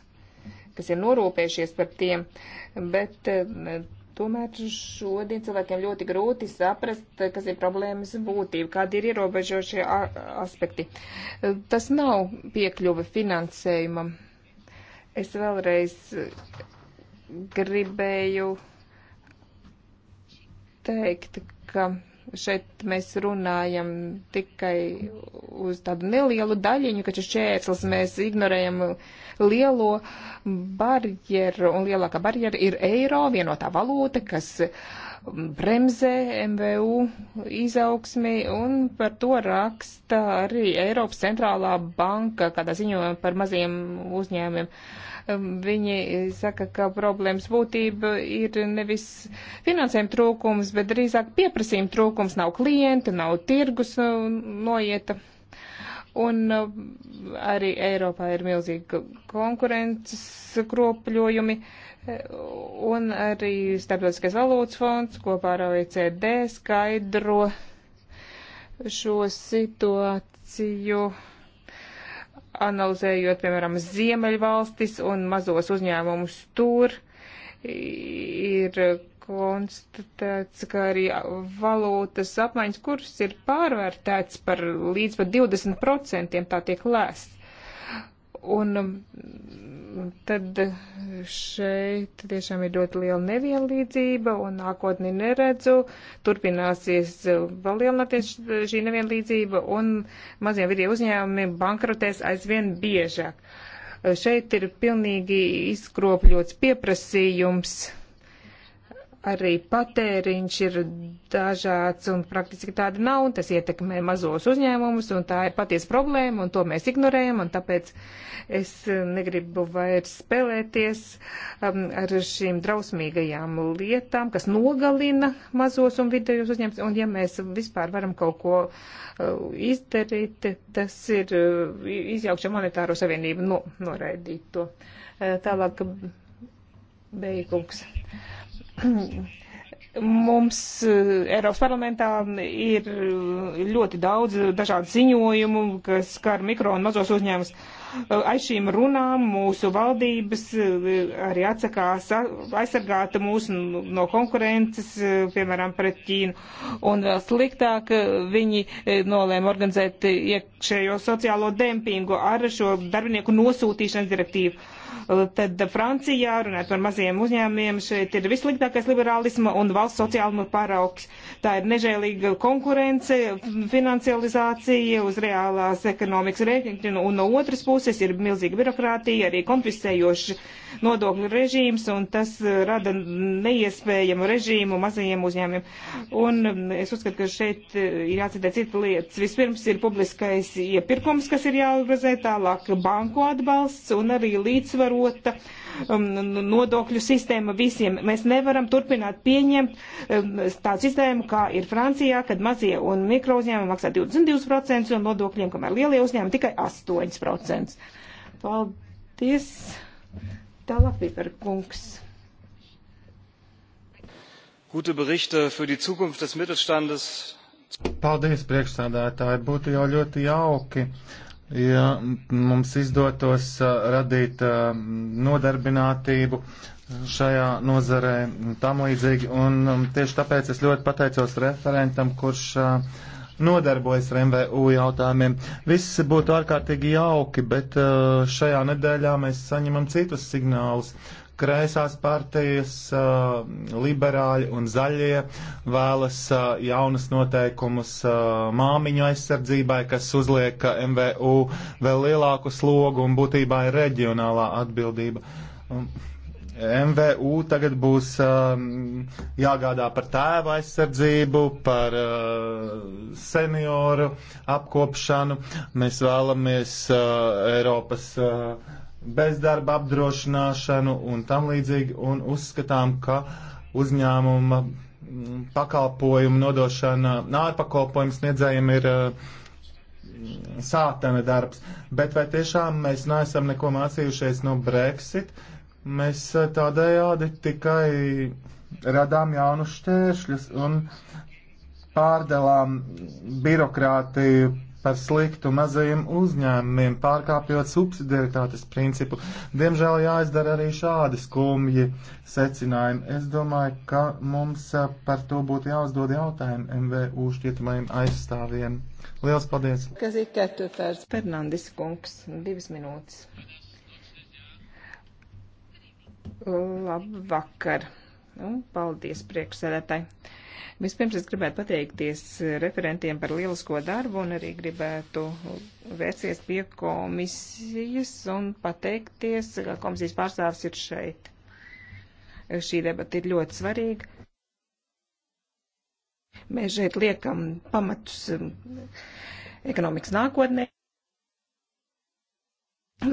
kas ir norūpējušies par tiem, bet Tomēr šodien cilvēkiem ļoti grūti saprast, kas ir problēmas būtība, kādi ir ierobežošie aspekti. Tas nav piekļuve finansējumam. Es vēlreiz gribēju teikt, ka šeit mēs runājam tikai uz tādu nelielu daļiņu, ka šis čērslis mēs ignorējam lielo barjeru, un lielākā barjera ir eiro, vienotā valūta, kas uh, bremzē MVU izaugsmi, un par to raksta arī Eiropas centrālā banka, kādā ziņojumā par maziem uzņēmumiem. Um, viņi saka, ka problēmas būtība ir nevis finansējuma trūkums, bet drīzāk pieprasījuma trūkums, nav klienta, nav tirgus uh, noieta. Un uh, arī Eiropā ir milzīga konkurences kropļojumi. Uh, un arī Starptautiskais valūtas fonds kopā ar OECD skaidro šo situāciju, analizējot, piemēram, Ziemeļvalstis un mazos uzņēmumus tur, ir konstatēts, ka arī valūtas apmaiņas kurs ir pārvērtēts par līdz pat 20%, tā tiek lēsts. Un um, tad šeit tiešām ir ļoti liela nevienlīdzība un nākotni neredzu. Turpināsies palielināties šī nevienlīdzība un maziem vidie uzņēmumi bankrotēs aizvien biežāk. Šeit ir pilnīgi izkropļots pieprasījums arī patēriņš ir dažāds un praktiski tāda nav, un tas ietekmē mazos uzņēmumus, un tā ir patiesa problēma, un to mēs ignorējam, un tāpēc es eh, negribu vairs spēlēties um, ar šīm drausmīgajām lietām, kas nogalina mazos un vidējos uzņēmumus, un ja mēs vispār varam kaut ko uh, izdarīt, tas ir uh, eh, izjaukšana monetāro savienību no, noraidīt to. Uh, tālāk beigungs. Mums eh, Eiropas parlamentā ir eh, ļoti daudz dažādu ziņojumu, kas skar mikro un mazos uzņēmumus. Eh, aiz šīm runām mūsu valdības arī atsakās aizsargāt mūs no konkurences, piemēram, pret Ķīnu. Un vēl sliktāk viņi nolēma organizēt iekšējo sociālo dempingu ar šo darbinieku nosūtīšanas direktīvu Tad Francijā, runājot par maziem uzņēmumiem, šeit ir vissliktākais liberālisma un valsts sociāluma paraugs. Tā ir nežēlīga konkurence, finansializācija uz reālās ekonomikas rēķina, un no otras puses ir milzīga birokrātija, arī konfiscējoši nodokļu režīms, un tas uh, rada neiespējamu režīmu mazajiem uzņēmumiem. Un um, es uzskatu, ka šeit uh, ir jācitē citas lietas. Vispirms ir publiskais iepirkums, kas ir jāorganizē, tālāk banku atbalsts un arī līdzsvars līdzsvarota um, nodokļu sistēma visiem. Mēs nevaram turpināt pieņemt um, tādu sistēmu, kā ir Francijā, kad mazie un mikro uzņēmumi maksā 22% un nodokļiem, kamēr lielie uzņēmumi tikai 8%. Paldies. Tālāk, Piper kungs gute Berichte für die Zukunft des Mittelstandes. Paldies, priekšsādātāji. Būtu jau ļoti jauki, Ja mums izdotos uh, radīt uh, nodarbinātību šajā nozarē tam līdzīgi, un um, tieši tāpēc es ļoti pateicos referentam, kurš uh, nodarbojas ar MVU jautājumiem. Viss būtu ārkārtīgi jauki, bet šajā nedēļā mēs saņemam citus signālus. Uh, kreisās partijas, liberāļi un zaļie vēlas jaunas noteikumus māmiņu aizsardzībai, kas uzliek MVU vēl lielāku slogu un būtībā ir reģionālā atbildība. MVU tagad būs jāgādā par tēva aizsardzību, par senioru apkopšanu. Mēs vēlamies Eiropas bezdarba apdrošināšanu un tam līdzīgi, un uzskatām, ka uzņēmuma mm, pakalpojumu nodošana ārpakalpojumu sniedzējiem ir uh, sātana darbs. Bet vai tiešām mēs neesam neko mācījušies no Brexit? Mēs eh, tādējādi tikai radām jaunus šķēršļus un pārdalām birokrātiju par sliktu mazajiem uzņēmumiem, pārkāpjot subsidiaritātes principu. Diemžēl jāizdara arī šādi skumji secinājumi. Es domāju, ka mums eh, par to būtu jāuzdod jautājumi MVU šķietamajiem aizstāvjiem. Lielas paldies! Kas ir ketvirtērs? Fernandis Kungs, divas minūtes. Labvakar un nu, paldies priekšsēdētāji. Vispirms es gribētu pateikties referentiem par lielisko darbu un arī gribētu vērsties pie komisijas un pateikties, ka komisijas pārstāvs ir šeit. Šī debata ir ļoti svarīga. Mēs šeit liekam pamatus um, ekonomikas nākotnē,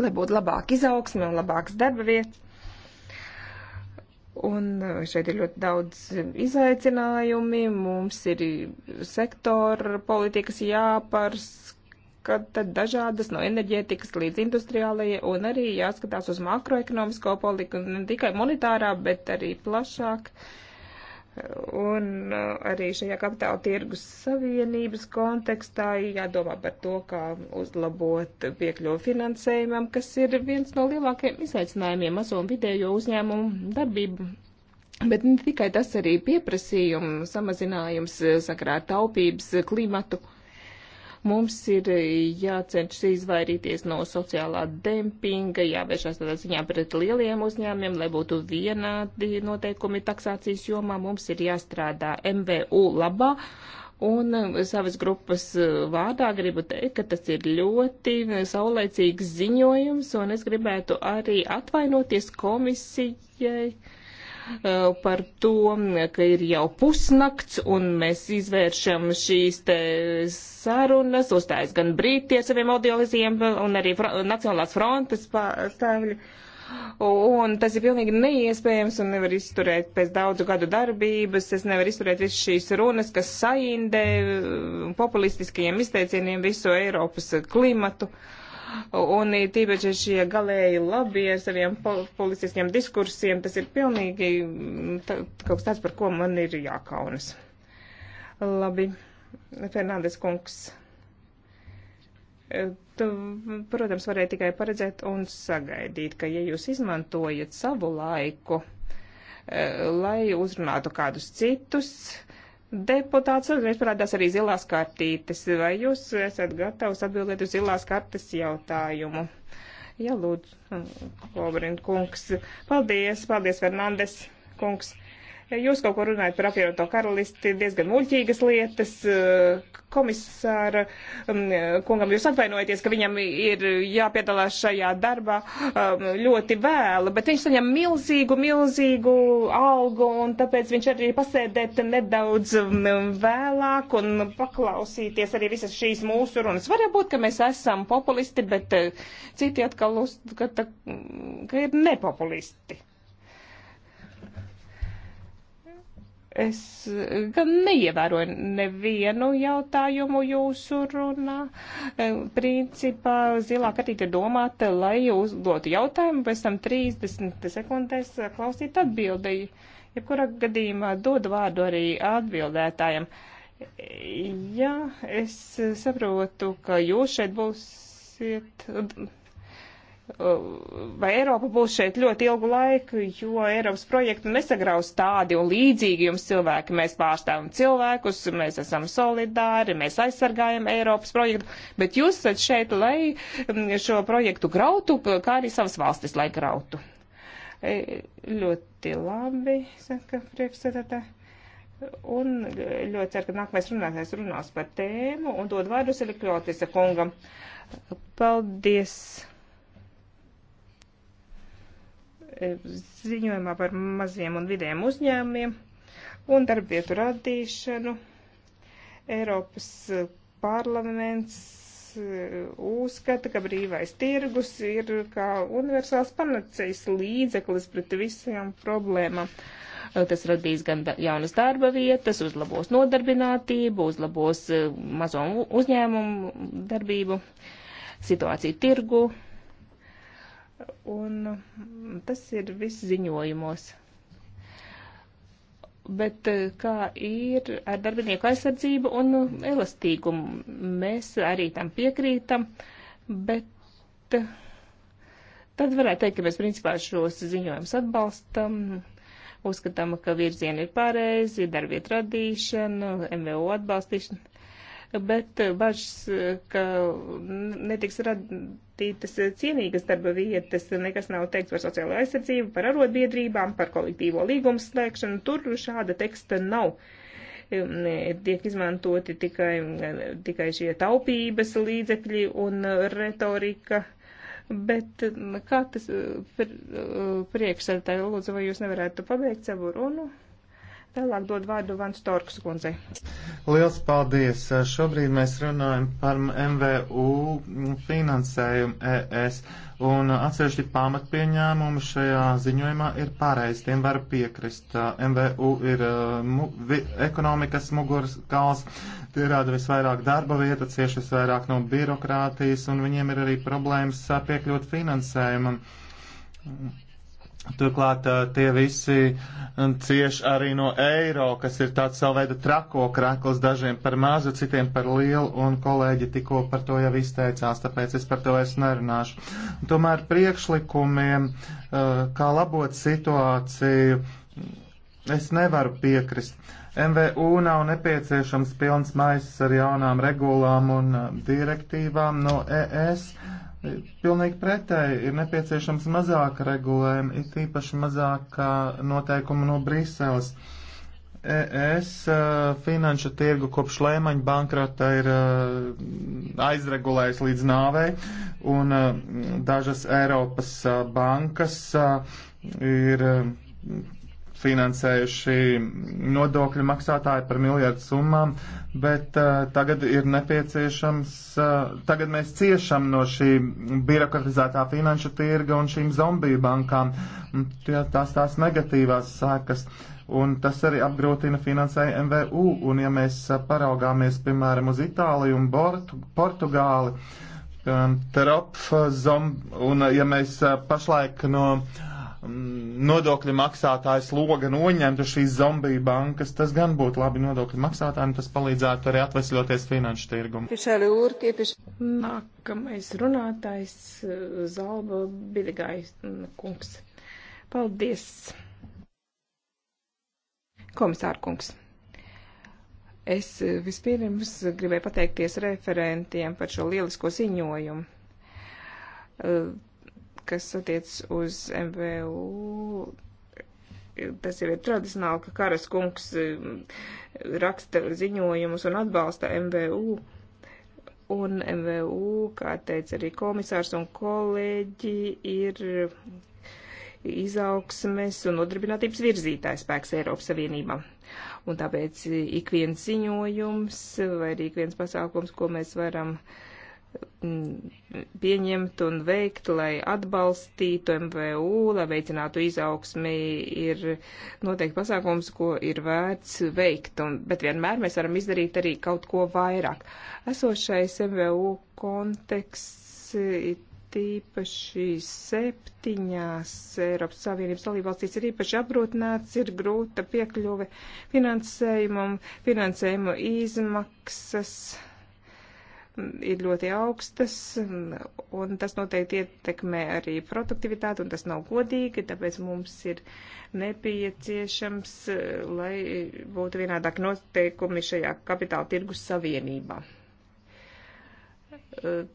lai būtu labāka izaugsme un labāks darba vietas. Un eh, šeit ir ļoti daudz eh, izaicinājumi, mums ir eh, sektora politikas jāpārskata dažādas no enerģētikas līdz industriālajai, un arī jāskatās uz makroekonomisko politiku, ne tikai monetārā, bet arī plašāk. Uh, Un uh, arī šajā kapitāla tirgus savienības kontekstā jādomā par to, kā uzlabot piekļuvu finansējumam, kas ir viens no lielākajiem izaicinājumiem mazo un vidējo uzņēmumu darbību. Bet ne tikai tas arī pieprasījuma samazinājums eh, sakarā taupības klimatu. Uh, Mums ir jācenšas izvairīties no sociālā dempinga, jāvēršas tādā ziņā pret lieliem uzņēmiem, lai būtu vienādi noteikumi taksācijas jomā. Mums ir jāstrādā MVU labā. Un um, savas grupas uh, vārdā gribu teikt, ka tas ir ļoti saulēcīgs ziņojums, un es gribētu arī atvainoties komisijai. Uh, Uh, par to, ka ir jau pusnakts un mēs izvēršam šīs te sarunas, uzstājas gan Brītie saviem audioliziem un arī fr Nacionālās frontes pārstāvļi. Un tas ir pilnīgi neiespējams un nevar izturēt pēc daudzu gadu darbības. Es nevaru izturēt visu šīs runas, kas saindē uh, populistiskajiem izteicieniem visu Eiropas klimatu. Uh, Un tīpaši šie galēji labie ar saviem politiskiem diskursiem, tas ir pilnīgi mm, tā, kaut kas tāds, par ko man ir jākaunas. Labi, Fernandes kungs. Tu, protams, varēja tikai paredzēt un sagaidīt, ka ja jūs izmantojat savu laiku, eh, lai uzrunātu kādus citus, deputāts, uzreiz parādās arī zilās kartītes. Vai jūs esat gatavs atbildēt uz zilās kartes jautājumu? Jā, lūdzu, Kobrin kungs. Paldies, paldies, Fernandes kungs. Jūs kaut ko runājat par apvienoto karalisti, diezgan muļķīgas lietas. Eh, komisāra mm, kungam jūs atvainojaties, ka viņam ir jāpiedalās šajā darbā eh, ļoti vēlu, bet viņš saņem milzīgu, milzīgu algu, un tāpēc viņš arī pasēdēt nedaudz mm, vēlāk un paklausīties arī visas šīs mūsu runas. Varbūt, ka mēs esam populisti, bet eh, citi atkal uzskata, mm, ka ir nepopulisti. Es eh, gan neievēroju nevienu jautājumu jūsu runā. Eh, principā zilā kartīte ir domāta, lai uzdotu jautājumu, pēc tam 30 sekundēs klausīt atbildēji. Jebkurā gadījumā dod vārdu arī atbildētājiem. Jā, es saprotu, ka jūs šeit būsiet vai Eiropa būs šeit ļoti ilgu laiku, jo Eiropas projektu nesagraus tādi un līdzīgi jums cilvēki. Mēs pārstāvam cilvēkus, mēs esam solidāri, mēs aizsargājam Eiropas projektu, bet jūs esat šeit, lai mm, šo projektu grautu, kā arī savas valstis, lai grautu. E, ļoti labi, saka priekšsēdētāji. Un ļoti ceru, ka nākamais runātājs runās par tēmu un dod vārdus Elikļotisa kungam. Paldies! E, ziņojumā par maziem un vidējiem uzņēmumiem un darbvietu radīšanu. Eiropas e, parlaments e, uzskata, ka brīvais tirgus ir kā universāls panacējs līdzeklis pret visām problēmām. Tas radīs gan jaunas darba vietas, uzlabos nodarbinātību, uzlabos mazo uzņēmumu darbību, situāciju tirgu, un tas ir viss ziņojumos. Bet eh, kā ir ar darbinieku aizsardzību un elastīgumu? Mēs arī tam piekrītam, bet eh, tad varētu teikt, ka mēs principā šos ziņojumus atbalstam. Uzskatām, ka virzieni ir pareizi, darbiet radīšana, MVO atbalstīšana bet bažas, ka netiks radītas cienīgas darba vietas, nekas nav teikts par sociālo aizsardzību, par arotbiedrībām, par kolektīvo līgumu slēgšanu, tur šāda teksta nav tiek izmantoti tikai, tikai šie taupības līdzekļi un retorika. Bet kā tas eh, priekšsēdētāji, lūdzu, vai jūs nevarētu pabeigt savu runu? Tālāk dod vārdu Vans Torkas kundzei. Liels paldies! Šobrīd mēs runājam par MVU finansējumu ES, un atsevišķi pamatpieņēmumi šajā ziņojumā ir pareizi, tiem var piekrist. MVU ir uh, mu, vi, ekonomikas mugurs kals, tie rada visvairāk darba vieta, cieši visvairāk no birokrātijas, un viņiem ir arī problēmas uh, piekļūt finansējumam. Turklāt tie visi cieš arī no eiro, kas ir tāds savu veidu trako krakls dažiem par mazu, citiem par lielu, un kolēģi tikko par to jau izteicās, tāpēc es par to vairs nerunāšu. Tomēr priekšlikumiem, kā labot situāciju, es nevaru piekrist. MVU nav nepieciešams pilns maisis ar jaunām regulām un direktīvām no ES Pilnīgi pretēji ir nepieciešams mazāk regulējumi, it īpaši mazāk noteikumu no Briseles. ES e, finanšu tirgu kopš Lēmaņa bankrota ir e, aizregulējis līdz nāvei, un e, dažas Eiropas bankas ir finansējuši nodokļu maksātāji par miljardu summām, bet uh, tagad ir nepieciešams, uh, tagad mēs ciešam no šī birokratizētā finanšu tirga un šīm zombiju bankām, tie, tās tās negatīvās sākas. Un tas arī apgrūtina finansēju MVU, un ja mēs uh, paraugāmies, piemēram, uz Itāliju un Bortu, Portugāli, um, Terop, uh, zomb, un uh, ja mēs uh, pašlaik no uh, nodokļu maksātāju sloga noņemtu šīs zombiju bankas, tas gan būtu labi nodokļu maksātājiem, tas palīdzētu arī atvesļoties finanšu tirgumu. Nākamais runātājs eh, Zalba Biligājs kungs. Paldies. Komisāra kungs. Es eh, vispirms gribēju pateikties referentiem par šo lielisko ziņojumu eh, kas attiecas uz MVU, tas jau ir tradicionāli, ka Karas kungs eh, raksta ziņojumus un atbalsta MVU. Un MVU, kā teica arī komisārs un kolēģi, ir izaugsmes un nodarbinātības virzītājs spēks Eiropas Savienībā. Un tāpēc ik viens ziņojums vai arī ik viens pasākums, ko mēs varam uh, Mm, pieņemt un veikt, lai atbalstītu MVU, lai veicinātu izaugsmi, ir noteikti pasākums, ko ir vērts veikt, un, bet vienmēr mēs varam izdarīt arī kaut ko vairāk. Esošais MVU konteksts tīpaši septiņās Eiropas Savienības dalībvalstīs ir īpaši apgrūtināts, ir grūta piekļuve finansējumam, finansējumu izmaksas ir ļoti augstas, un tas noteikti ietekmē arī produktivitāti, un tas nav godīgi, tāpēc mums ir nepieciešams, lai būtu vienādāk noteikumi šajā kapitāla tirgus savienībā.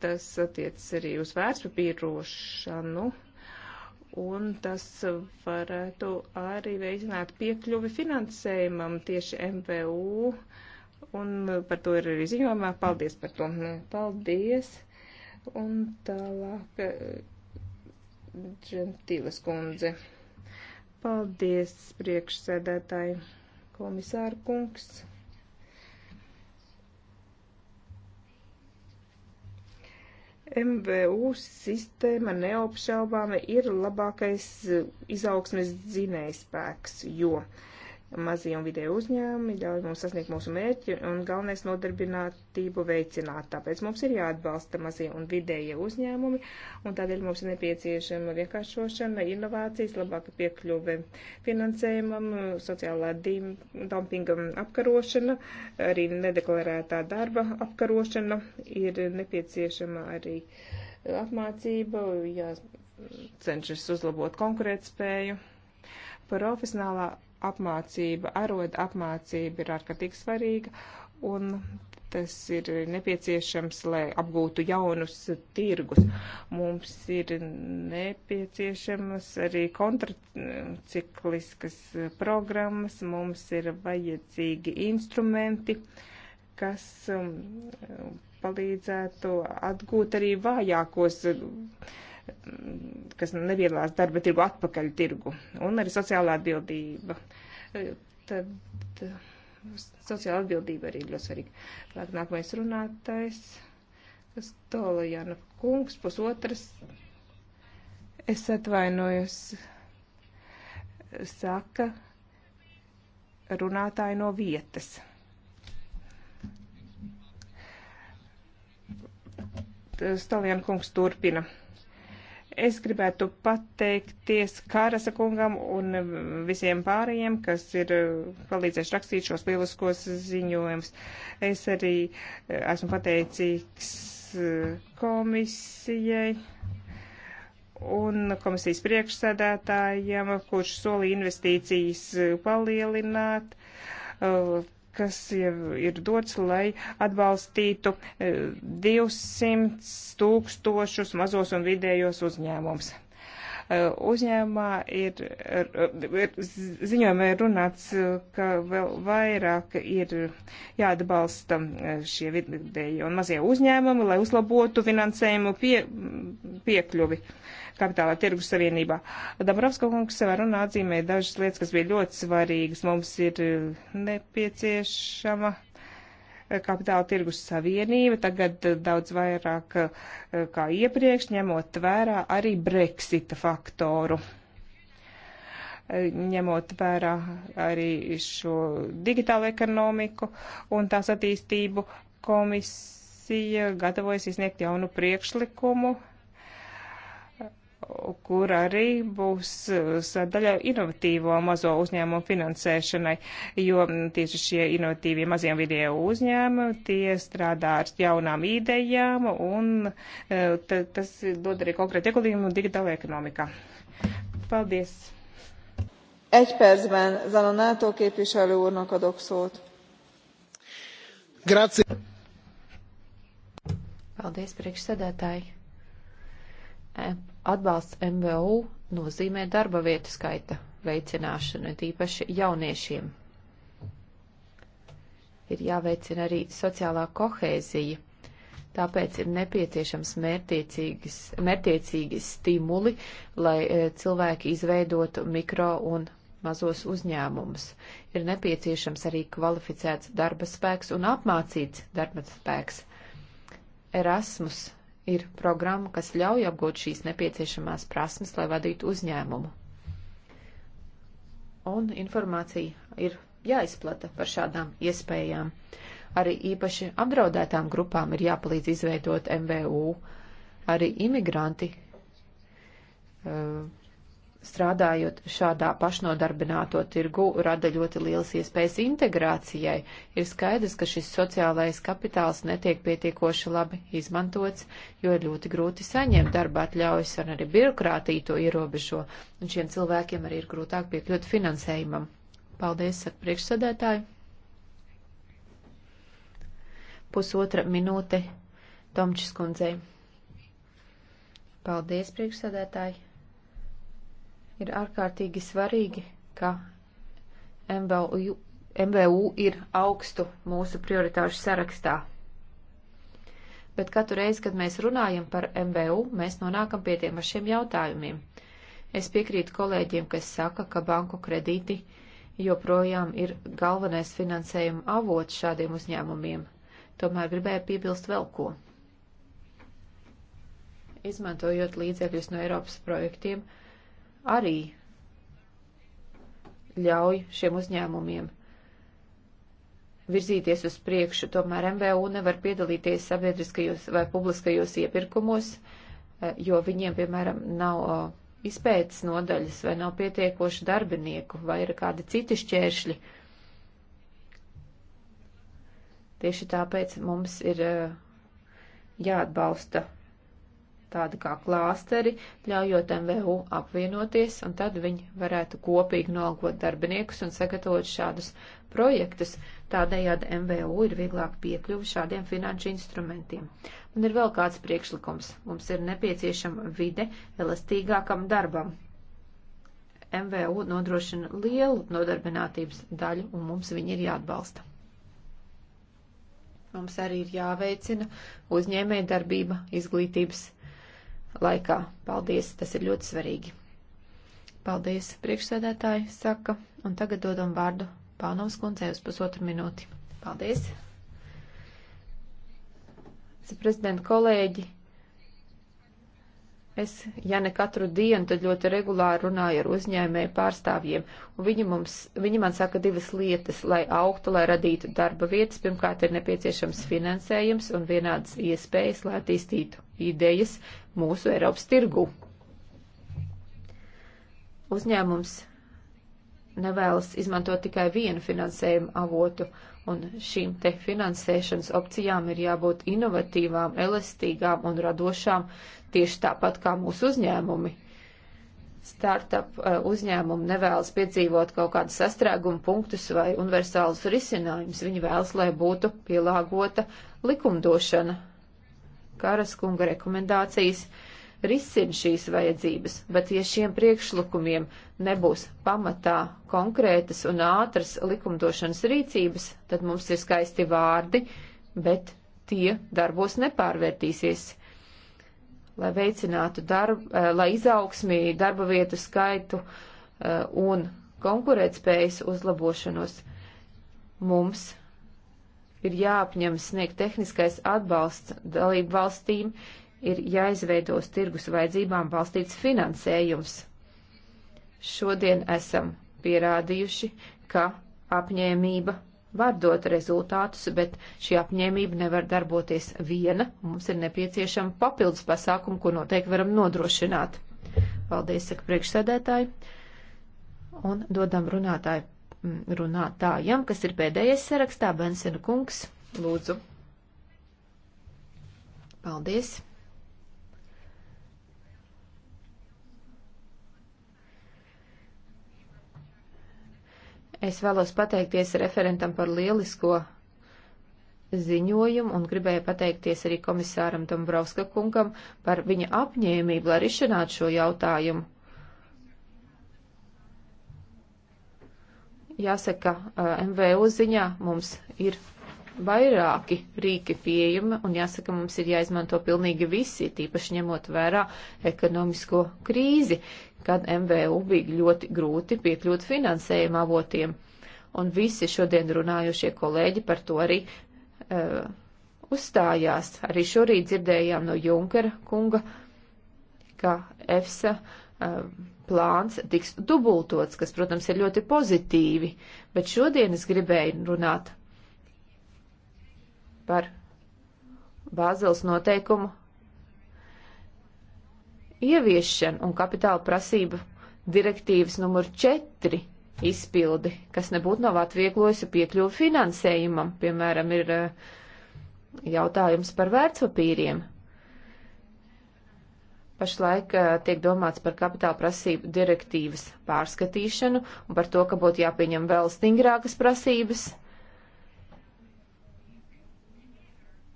Tas attiec arī uz vērtspapīrošanu, un tas varētu arī veicināt piekļuvi finansējumam tieši MVU. Uh, un par to ir arī ziņojumā. Paldies par to. Nu, paldies. Un tālāk, Džentīlas kundze. Paldies, priekšsēdētāji, komisāra kungs. MVU sistēma neapšaubāmi ir labākais izaugsmes dzinējspēks, jo uh, Mazie un vidēji uzņēmumi ļauj mums sasniegt mūsu mērķi un galvenais nodarbinātību veicināt. Tāpēc mums ir jāatbalsta mazie un vidējie uzņēmumi un tādēļ mums ir nepieciešama vienkāršošana, inovācijas, labāka piekļuve finansējumam, sociālā dumpinga apkarošana, arī nedeklarētā darba apkarošana ir nepieciešama arī apmācība, jācenšas uzlabot konkurētspēju. Profesionālā apmācība, aroda apmācība ir ārkārtīgi svarīga, un tas ir nepieciešams, lai apgūtu jaunus tirgus. Mums ir nepieciešamas arī kontracikliskas programmas, mums ir vajadzīgi instrumenti, kas um, palīdzētu atgūt arī vājākos kas nepiedalās darba tirgu, atpakaļ tirgu. Un arī sociālā atbildība. Tad eh, sociāla atbildība arī ļoti svarīga. Lāk, nākamais runātais. Stolojana kungs, pusotras. Es atvainojos. Saka runātāji no vietas. Stolojana kungs turpina. Es gribētu pateikties Kārasa kungam un visiem pārējiem, kas ir eh, palīdzējuši rakstīt šos lieliskos ziņojumus. Es arī eh, esmu pateicīgs eh, komisijai un komisijas priekšsēdētājiem, kurš solīja investīcijas palielināt kas ir dots, lai atbalstītu 200 eh, tūkstošus mazos un vidējos uzņēmumus uzņēmumā ir, ir ziņojumā ir runāts, ka vēl vairāk ir jāatbalsta šie vidēji un mazie uzņēmumi, lai uzlabotu finansējumu pie, piekļuvi kapitālā tirgus savienībā. Dabravska kungs savā runā atzīmē dažas lietas, kas bija ļoti svarīgas. Mums ir nepieciešama kapitāla tirgus savienība tagad eh, daudz vairāk eh, kā iepriekš, ņemot vērā arī Brexita faktoru. Eh, ņemot vērā arī šo digitālo ekonomiku un tās attīstību, komisija gatavojas izsniegt jaunu priekšlikumu kur arī būs uh, sadaļa inovatīvo mazo uzņēmumu finansēšanai, jo mm, tieši šie inovatīvie mazie un vidējo uzņēmumi, tie strādā ar jaunām idejām un uh, tas dod arī konkrētu ieguldījumu digitālajā ekonomikā. Paldies! Egy percben Zanonátó képviselő úrnak adok szót. Grazie. Paldies, priekšsēdētāji. Atbalsts MVU nozīmē darba vietu skaita veicināšanu, tīpaši jauniešiem. Ir jāveicina arī sociālā kohēzija, tāpēc ir nepieciešams mērtiecīgi stimuli, lai e, cilvēki izveidotu mikro un mazos uzņēmumus. Ir nepieciešams arī kvalificēts darba spēks un apmācīts darba spēks. Erasmus ir programma, kas ļauj apgūt šīs nepieciešamās prasmes, lai vadītu uzņēmumu. Un informācija ir jāizplata par šādām iespējām. Arī īpaši apdraudētām grupām ir jāpalīdz izveidot MVU. Arī imigranti uh, strādājot šādā pašnodarbināto tirgu, rada ļoti lielas iespējas integrācijai. Ir skaidrs, ka šis sociālais kapitāls netiek pietiekoši labi izmantots, jo ir ļoti grūti saņemt darba atļaujas un arī birokrātija to ierobežo, un šiem cilvēkiem arī ir grūtāk piekļūt finansējumam. Paldies, saka priekšsēdētāji. Pusotra minūte Tomčiskundzei. Paldies, priekšsēdētāji. Ir ārkārtīgi svarīgi, ka MVU, MVU ir augstu mūsu prioritāšu sarakstā. Bet katru reizi, kad mēs runājam par MVU, mēs nonākam pie tiem ar šiem jautājumiem. Es piekrītu kolēģiem, kas saka, ka banku kredīti joprojām ir galvenais finansējuma avots šādiem uzņēmumiem. Tomēr gribēju piebilst vēl ko. Izmantojot līdzekļus no Eiropas projektiem, arī ļauj šiem uzņēmumiem virzīties uz priekšu. Tomēr MVU nevar piedalīties sabiedriskajos vai publiskajos iepirkumos, eh, jo viņiem, piemēram, nav eh, izpētes nodaļas vai nav pietiekoši darbinieku vai ir kādi citi šķēršļi. Tieši tāpēc mums ir eh, jāatbalsta tādi kā klāsteri, ļaujot MVU apvienoties, un tad viņi varētu kopīgi nolgot darbiniekus un sagatavot šādus projektus. Tādējādi MVU ir vieglāk piekļuvi šādiem finanšu instrumentiem. Un ir vēl kāds priekšlikums. Mums ir nepieciešama vide elastīgākam darbam. MVU nodrošina lielu nodarbinātības daļu, un mums viņi ir jāatbalsta. Mums arī ir jāveicina uzņēmējdarbība izglītības laikā. Paldies, tas ir ļoti svarīgi. Paldies, priekšsēdētāji, saka, un tagad dodam vārdu Pānovas kundzei uz pusotru minūti. Paldies! Prezidenta kolēģi, es, ja ne katru dienu, tad ļoti regulāri runāju ar uzņēmēju pārstāvjiem, un viņi, mums, viņi man saka divas lietas, lai augtu, lai radītu darba vietas. Pirmkārt, ir nepieciešams finansējums un vienādas iespējas, lai attīstītu idejas, mūsu Eiropas tirgu. Uzņēmums nevēlas izmantot tikai vienu finansējumu avotu, un šīm te finansēšanas opcijām ir jābūt inovatīvām, elastīgām un radošām tieši tāpat kā mūsu uzņēmumi. Startup eh, uzņēmumi nevēlas piedzīvot kaut kādus sastrēgumu punktus vai universālus risinājumus. Viņi vēlas, lai būtu pielāgota likumdošana Karas kunga rekomendācijas risina šīs vajadzības, bet ja šiem priekšlikumiem nebūs pamatā konkrētas un ātras likumdošanas rīcības, tad mums ir skaisti vārdi, bet tie darbos nepārvērtīsies. Lai veicinātu darbu, eh, lai izaugsmī, darba vietu skaitu eh, un konkurētspējas uzlabošanos, mums ir jāapņemas sniegt tehniskais atbalsts dalību valstīm, ir jāizveidos tirgus vajadzībām balstīts finansējums. Šodien esam pierādījuši, ka apņēmība var dot rezultātus, bet šī apņēmība nevar darboties viena. Mums ir nepieciešama papildus pasākuma, ko noteikti varam nodrošināt. Paldies, saka priekšsēdētāji, un dodam runātāju Mm, runātājam, kas ir pēdējais sarakstā, Bensena kungs. Lūdzu. Paldies. Es vēlos pateikties referentam par lielisko ziņojumu un gribēju pateikties arī komisāram Dombrovska kungam par viņa apņēmību, lai risinātu šo jautājumu. Jāsaka, eh, MVU ziņā mums ir vairāki rīki pieejami, un jāsaka, mums ir jāizmanto pilnīgi visi, tīpaši ņemot vērā ekonomisko krīzi, kad MVU bija ļoti grūti piekļūt finansējuma avotiem. Un visi šodien runājušie kolēģi par to arī uh, uzstājās. Arī šorīt dzirdējām no Junkera kunga, ka EFSA uh, plāns tiks dubultots, kas, protams, ir ļoti pozitīvi, bet šodien es gribēju runāt par Bāzels noteikumu ieviešanu un kapitāla prasību direktīvas numur 4 izpildi, kas nebūtu nav atvieglojusi piekļuvu finansējumam, piemēram, ir eh, jautājums par vērtspapīriem. Pašlaik uh, tiek domāts par kapitāla prasību direktīvas pārskatīšanu un par to, ka būtu jāpieņem vēl stingrākas prasības.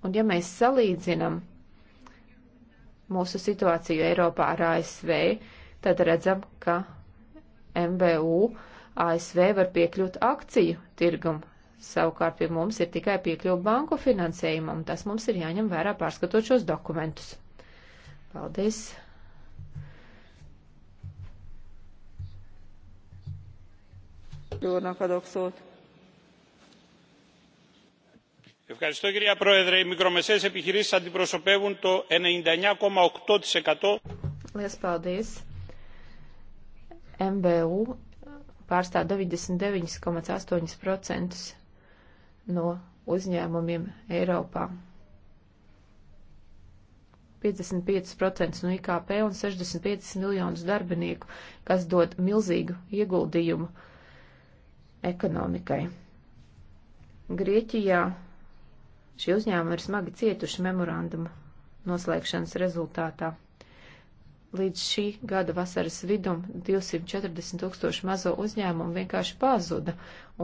Un ja mēs salīdzinam mūsu situāciju Eiropā ar ASV, tad redzam, ka MBU ASV var piekļūt akciju tirgumu. Savukārt pie mums ir tikai piekļuva banku finansējumam, un tas mums ir jāņem vērā pārskatot šos dokumentus. Paldies! Jūrnak adok szót. Ευχαριστώ κυρία Πρόεδρε. Οι μικρομεσαίες επιχειρήσεις αντιπροσωπεύουν το 99,8%. Liels paldies! MBU pārstāv 99,8% no uzņēmumiem Eiropā. 55% no IKP un 65 miljonus darbinieku, kas dod milzīgu ieguldījumu ekonomikai. Grieķijā šie uzņēmumi ir smagi cietuši memoranduma noslēgšanas rezultātā. Līdz šī gada vasaras vidum 240 tūkstoši mazo uzņēmumu vienkārši pazuda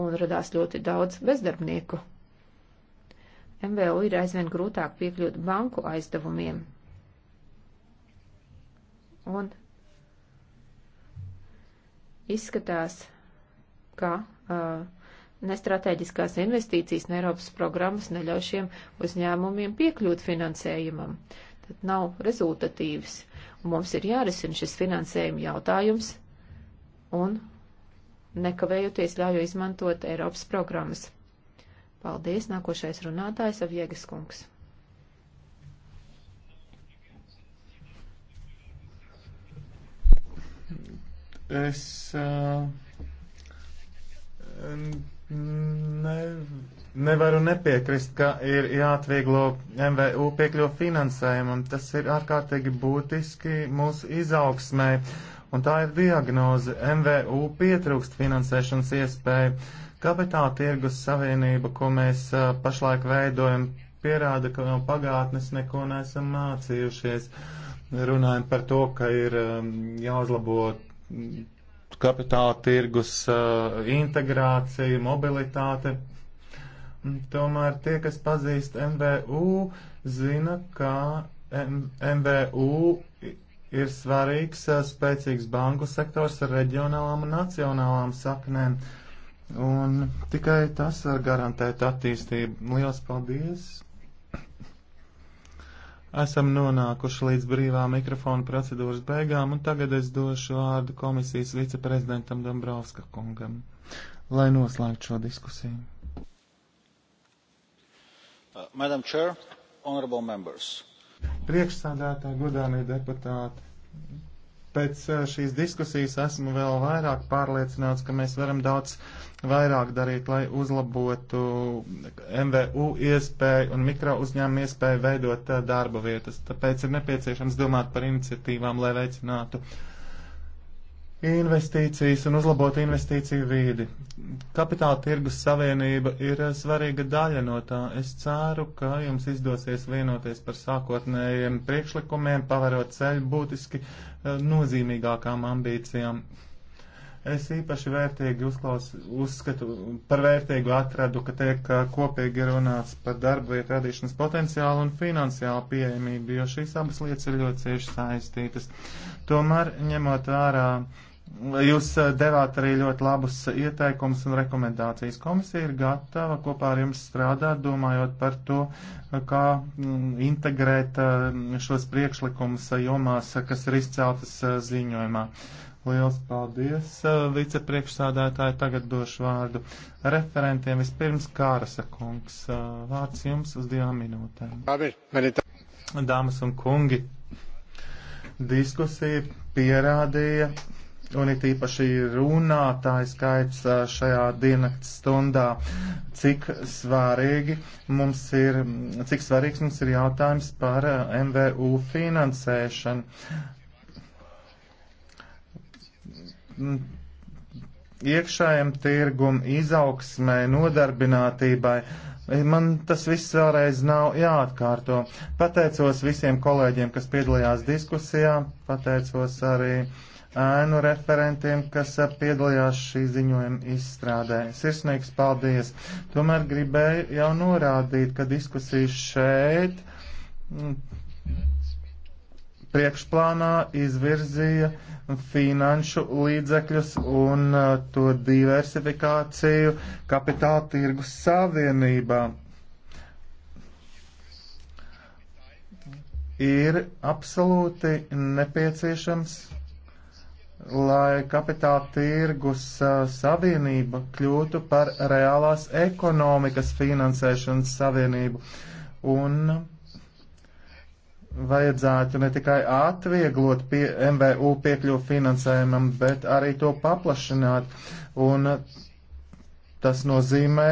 un radās ļoti daudz bezdarbnieku. MVU ir aizvien grūtāk piekļūt banku aizdevumiem un izskatās, ka uh, nestrateģiskās investīcijas un Eiropas programmas neļauj šiem uzņēmumiem piekļūt finansējumam. Tad nav rezultatīvas. Un mums ir jārisina šis finansējuma jautājums un nekavējoties ļauj izmantot Eiropas programmas. Paldies, nākošais runātājs Aviegas kungs. Es uh, ne, nevaru nepiekrist, ka ir jāatvieglo MVU piekļo finansējumam. Tas ir ārkārtīgi būtiski mūsu izaugsmē. Un tā ir diagnoze. MVU pietrūkst finansēšanas iespēju. Kapitāla tirgus savienība, ko mēs uh, pašlaik veidojam, pierāda, ka no pagātnes neko neesam mācījušies. Runājam par to, ka ir um, jāuzlabot kapitāla tirgus eh, integrācija, mobilitāte. Tomēr tie, kas pazīst MVU, zina, ka M MVU ir svarīgs, eh, spēcīgs banku sektors ar reģionālām un nacionālām saknēm. Un tikai tas var garantēt attīstību. Lielas paldies! Esam nonākuši līdz brīvā mikrofona procedūras beigām, un tagad es došu vārdu komisijas viceprezidentam Dombrovska kungam, lai noslēgtu šo diskusiju. Uh, Madam Chair, honorable members. Priekšsādātāji, godāmie deputāti, Pēc eh, šīs diskusijas esmu vēl vairāk pārliecināts, ka mēs varam daudz vairāk darīt, lai uzlabotu MVU iespēju un mikro uzņēmumu iespēju veidot eh, darba vietas. Tāpēc ir nepieciešams domāt par iniciatīvām, lai veicinātu uh, investīcijas un uzlabot investīciju vīdi. Kapitāla tirgus savienība ir svarīga daļa no tā. Es ceru, ka jums izdosies vienoties par sākotnējiem priekšlikumiem, pavarot ceļu būtiski eh, nozīmīgākām ambīcijām. Es īpaši vērtīgi uzklaus, uzskatu, par vērtīgu atradu, ka tiek eh, kopīgi runāts par darba vietu radīšanas potenciālu un finansiālu pieejamību, jo šīs abas lietas ir ļoti cieši saistītas. Tomēr, ņemot vērā uh, Jūs eh, devāt arī ļoti labus ieteikumus un rekomendācijas. Komisija ir gatava kopā ar jums strādāt, domājot par to, eh, kā mm, integrēt eh, šos priekšlikumus jomās, kas ir izceltas ziņojumā. Liels paldies, vicepriekšsādātāji. Tagad došu vārdu referentiem. Vispirms Kārasa kungs. Vārds jums uz divām minūtēm. Dāmas un kungi, diskusija pierādīja, un it īpaši runātāju skaits šajā diennakts stundā, cik svarīgi mums ir, cik svarīgs mums ir jautājums par MVU finansēšanu. Iekšējiem tirgum, izaugsmē, nodarbinātībai Eh, man tas viss vēlreiz nav jāatkārto. Pateicos visiem kolēģiem, kas piedalījās diskusijā, pateicos arī ēnu referentiem, kas eh, piedalījās šī ziņojuma izstrādē. Sirsnīgs paldies! Tomēr gribēju jau norādīt, ka diskusijas šeit mm, priekšplānā izvirzīja finanšu līdzekļus un uh, to diversifikāciju kapitāla tirgus savienībā. ir absolūti nepieciešams, lai kapitāla tirgus uh, savienība kļūtu par reālās ekonomikas finansēšanas savienību. Un vajadzētu ne tikai atvieglot pie MVU piekļuvu finansējumam, bet arī to paplašināt. Un tas nozīmē,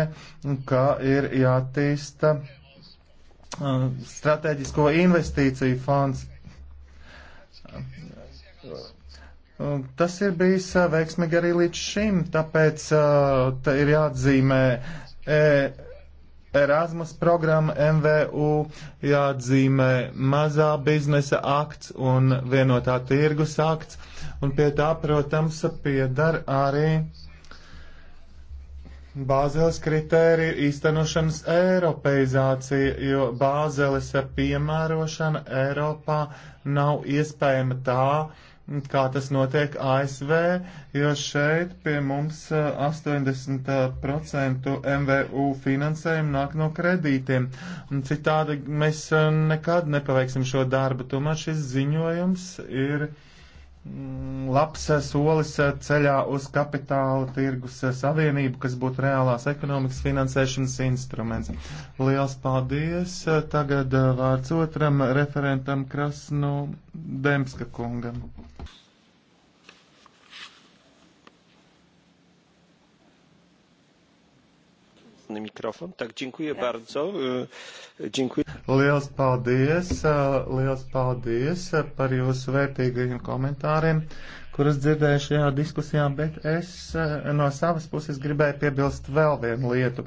ka ir jātīsta uh, strateģisko investīciju fonds. Uh, tas ir bijis uh, veiksmīgi arī līdz šim, tāpēc ir jāatzīmē e Erasmus programma MVU jāatzīmē mazā biznesa akts un vienotā tirgus akts, un pie tā, protams, piedar arī Bāzeles kritēriju īstenošanas eiropeizācija, jo Bāzeles piemērošana Eiropā nav iespējama tā, kā tas notiek ASV, jo šeit pie mums 80% MVU finansējumu nāk no kredītiem. Citādi mēs nekad nepaveiksim šo darbu, tomēr šis ziņojums ir mm, labs solis ceļā uz kapitāla tirgus savienību, kas būtu reālās ekonomikas finansēšanas instruments. Liels paldies! Tagad vārds otram referentam Krasnu Demska kungam. Liels paldies, e, liels paldies e, par jūsu vērtīgajiem komentāriem, kurus dzirdēju šajā diskusijā, bet es e, no savas puses gribēju piebilst vēl vienu lietu.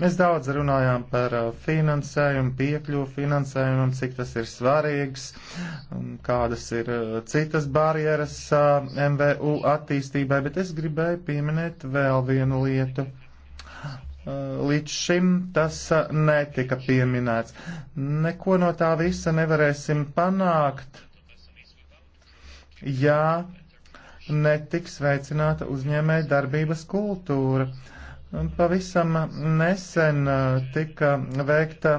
Mēs daudz runājām par finansējumu, piekļuvu finansējumam, cik tas ir svarīgs, kādas ir citas barjeras MVU attīstībai, bet es gribēju pieminēt vēl vienu lietu. Līdz šim tas netika pieminēts. Neko no tā visa nevarēsim panākt, ja netiks veicināta uzņēmē darbības kultūra. Pavisam nesen tika veikta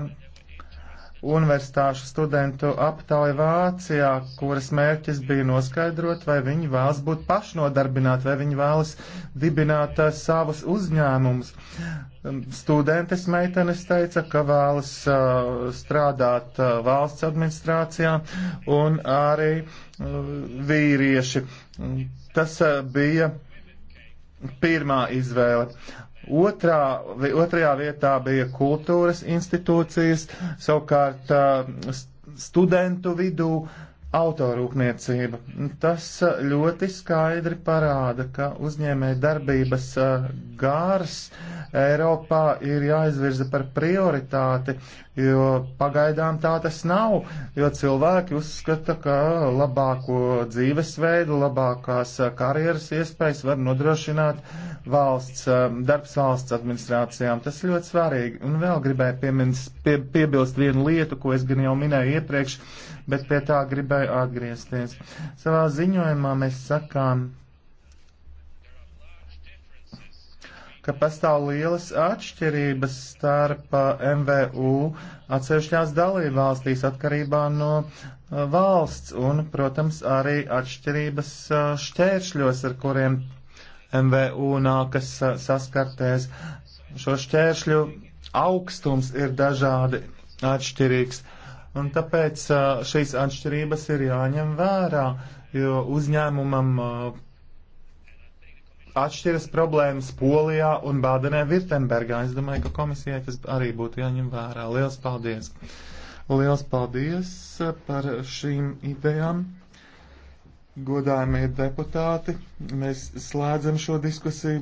universitāšu studentu aptauja Vācijā, kuras mērķis bija noskaidrot, vai viņi vēlas būt pašnodarbināti, vai viņi vēlas dibināt uh, savus uzņēmumus. Um, studentes meitenes teica, ka vēlas uh, strādāt uh, valsts administrācijā un arī uh, vīrieši. Mm, tas uh, bija pirmā izvēle. Otrā, otrajā vietā bija kultūras institūcijas, savukārt uh, studentu vidū uh, autorūpniecība. Tas ļoti skaidri parāda, ka uzņēmēja darbības gārs Eiropā ir jāizvirza par prioritāti, jo pagaidām tā tas nav, jo cilvēki uzskata, ka labāko dzīvesveidu, labākās karjeras iespējas var nodrošināt valsts, darbs valsts administrācijām. Tas ļoti svarīgi. Un vēl gribēju piemins, pie, piebilst vienu lietu, ko es gan jau minēju iepriekš bet pie tā gribēju atgriezties. Savā ziņojumā mēs sakām, ka pastāv lielas atšķirības starp eh, MVU atsevišķās dalībvalstīs atkarībā no eh, valsts un, protams, arī atšķirības eh, šķēršļos, ar kuriem MVU nākas saskarties. Šo šķēršļu augstums ir dažādi atšķirīgs. Un tāpēc šīs atšķirības ir jāņem vērā, jo uzņēmumam atšķiras problēmas Polijā un Bādenē Virtenbergā. Es domāju, ka komisijai tas arī būtu jāņem vērā. Liels paldies! Liels paldies par šīm idejām! Godājumie deputāti, mēs slēdzam šo diskusiju.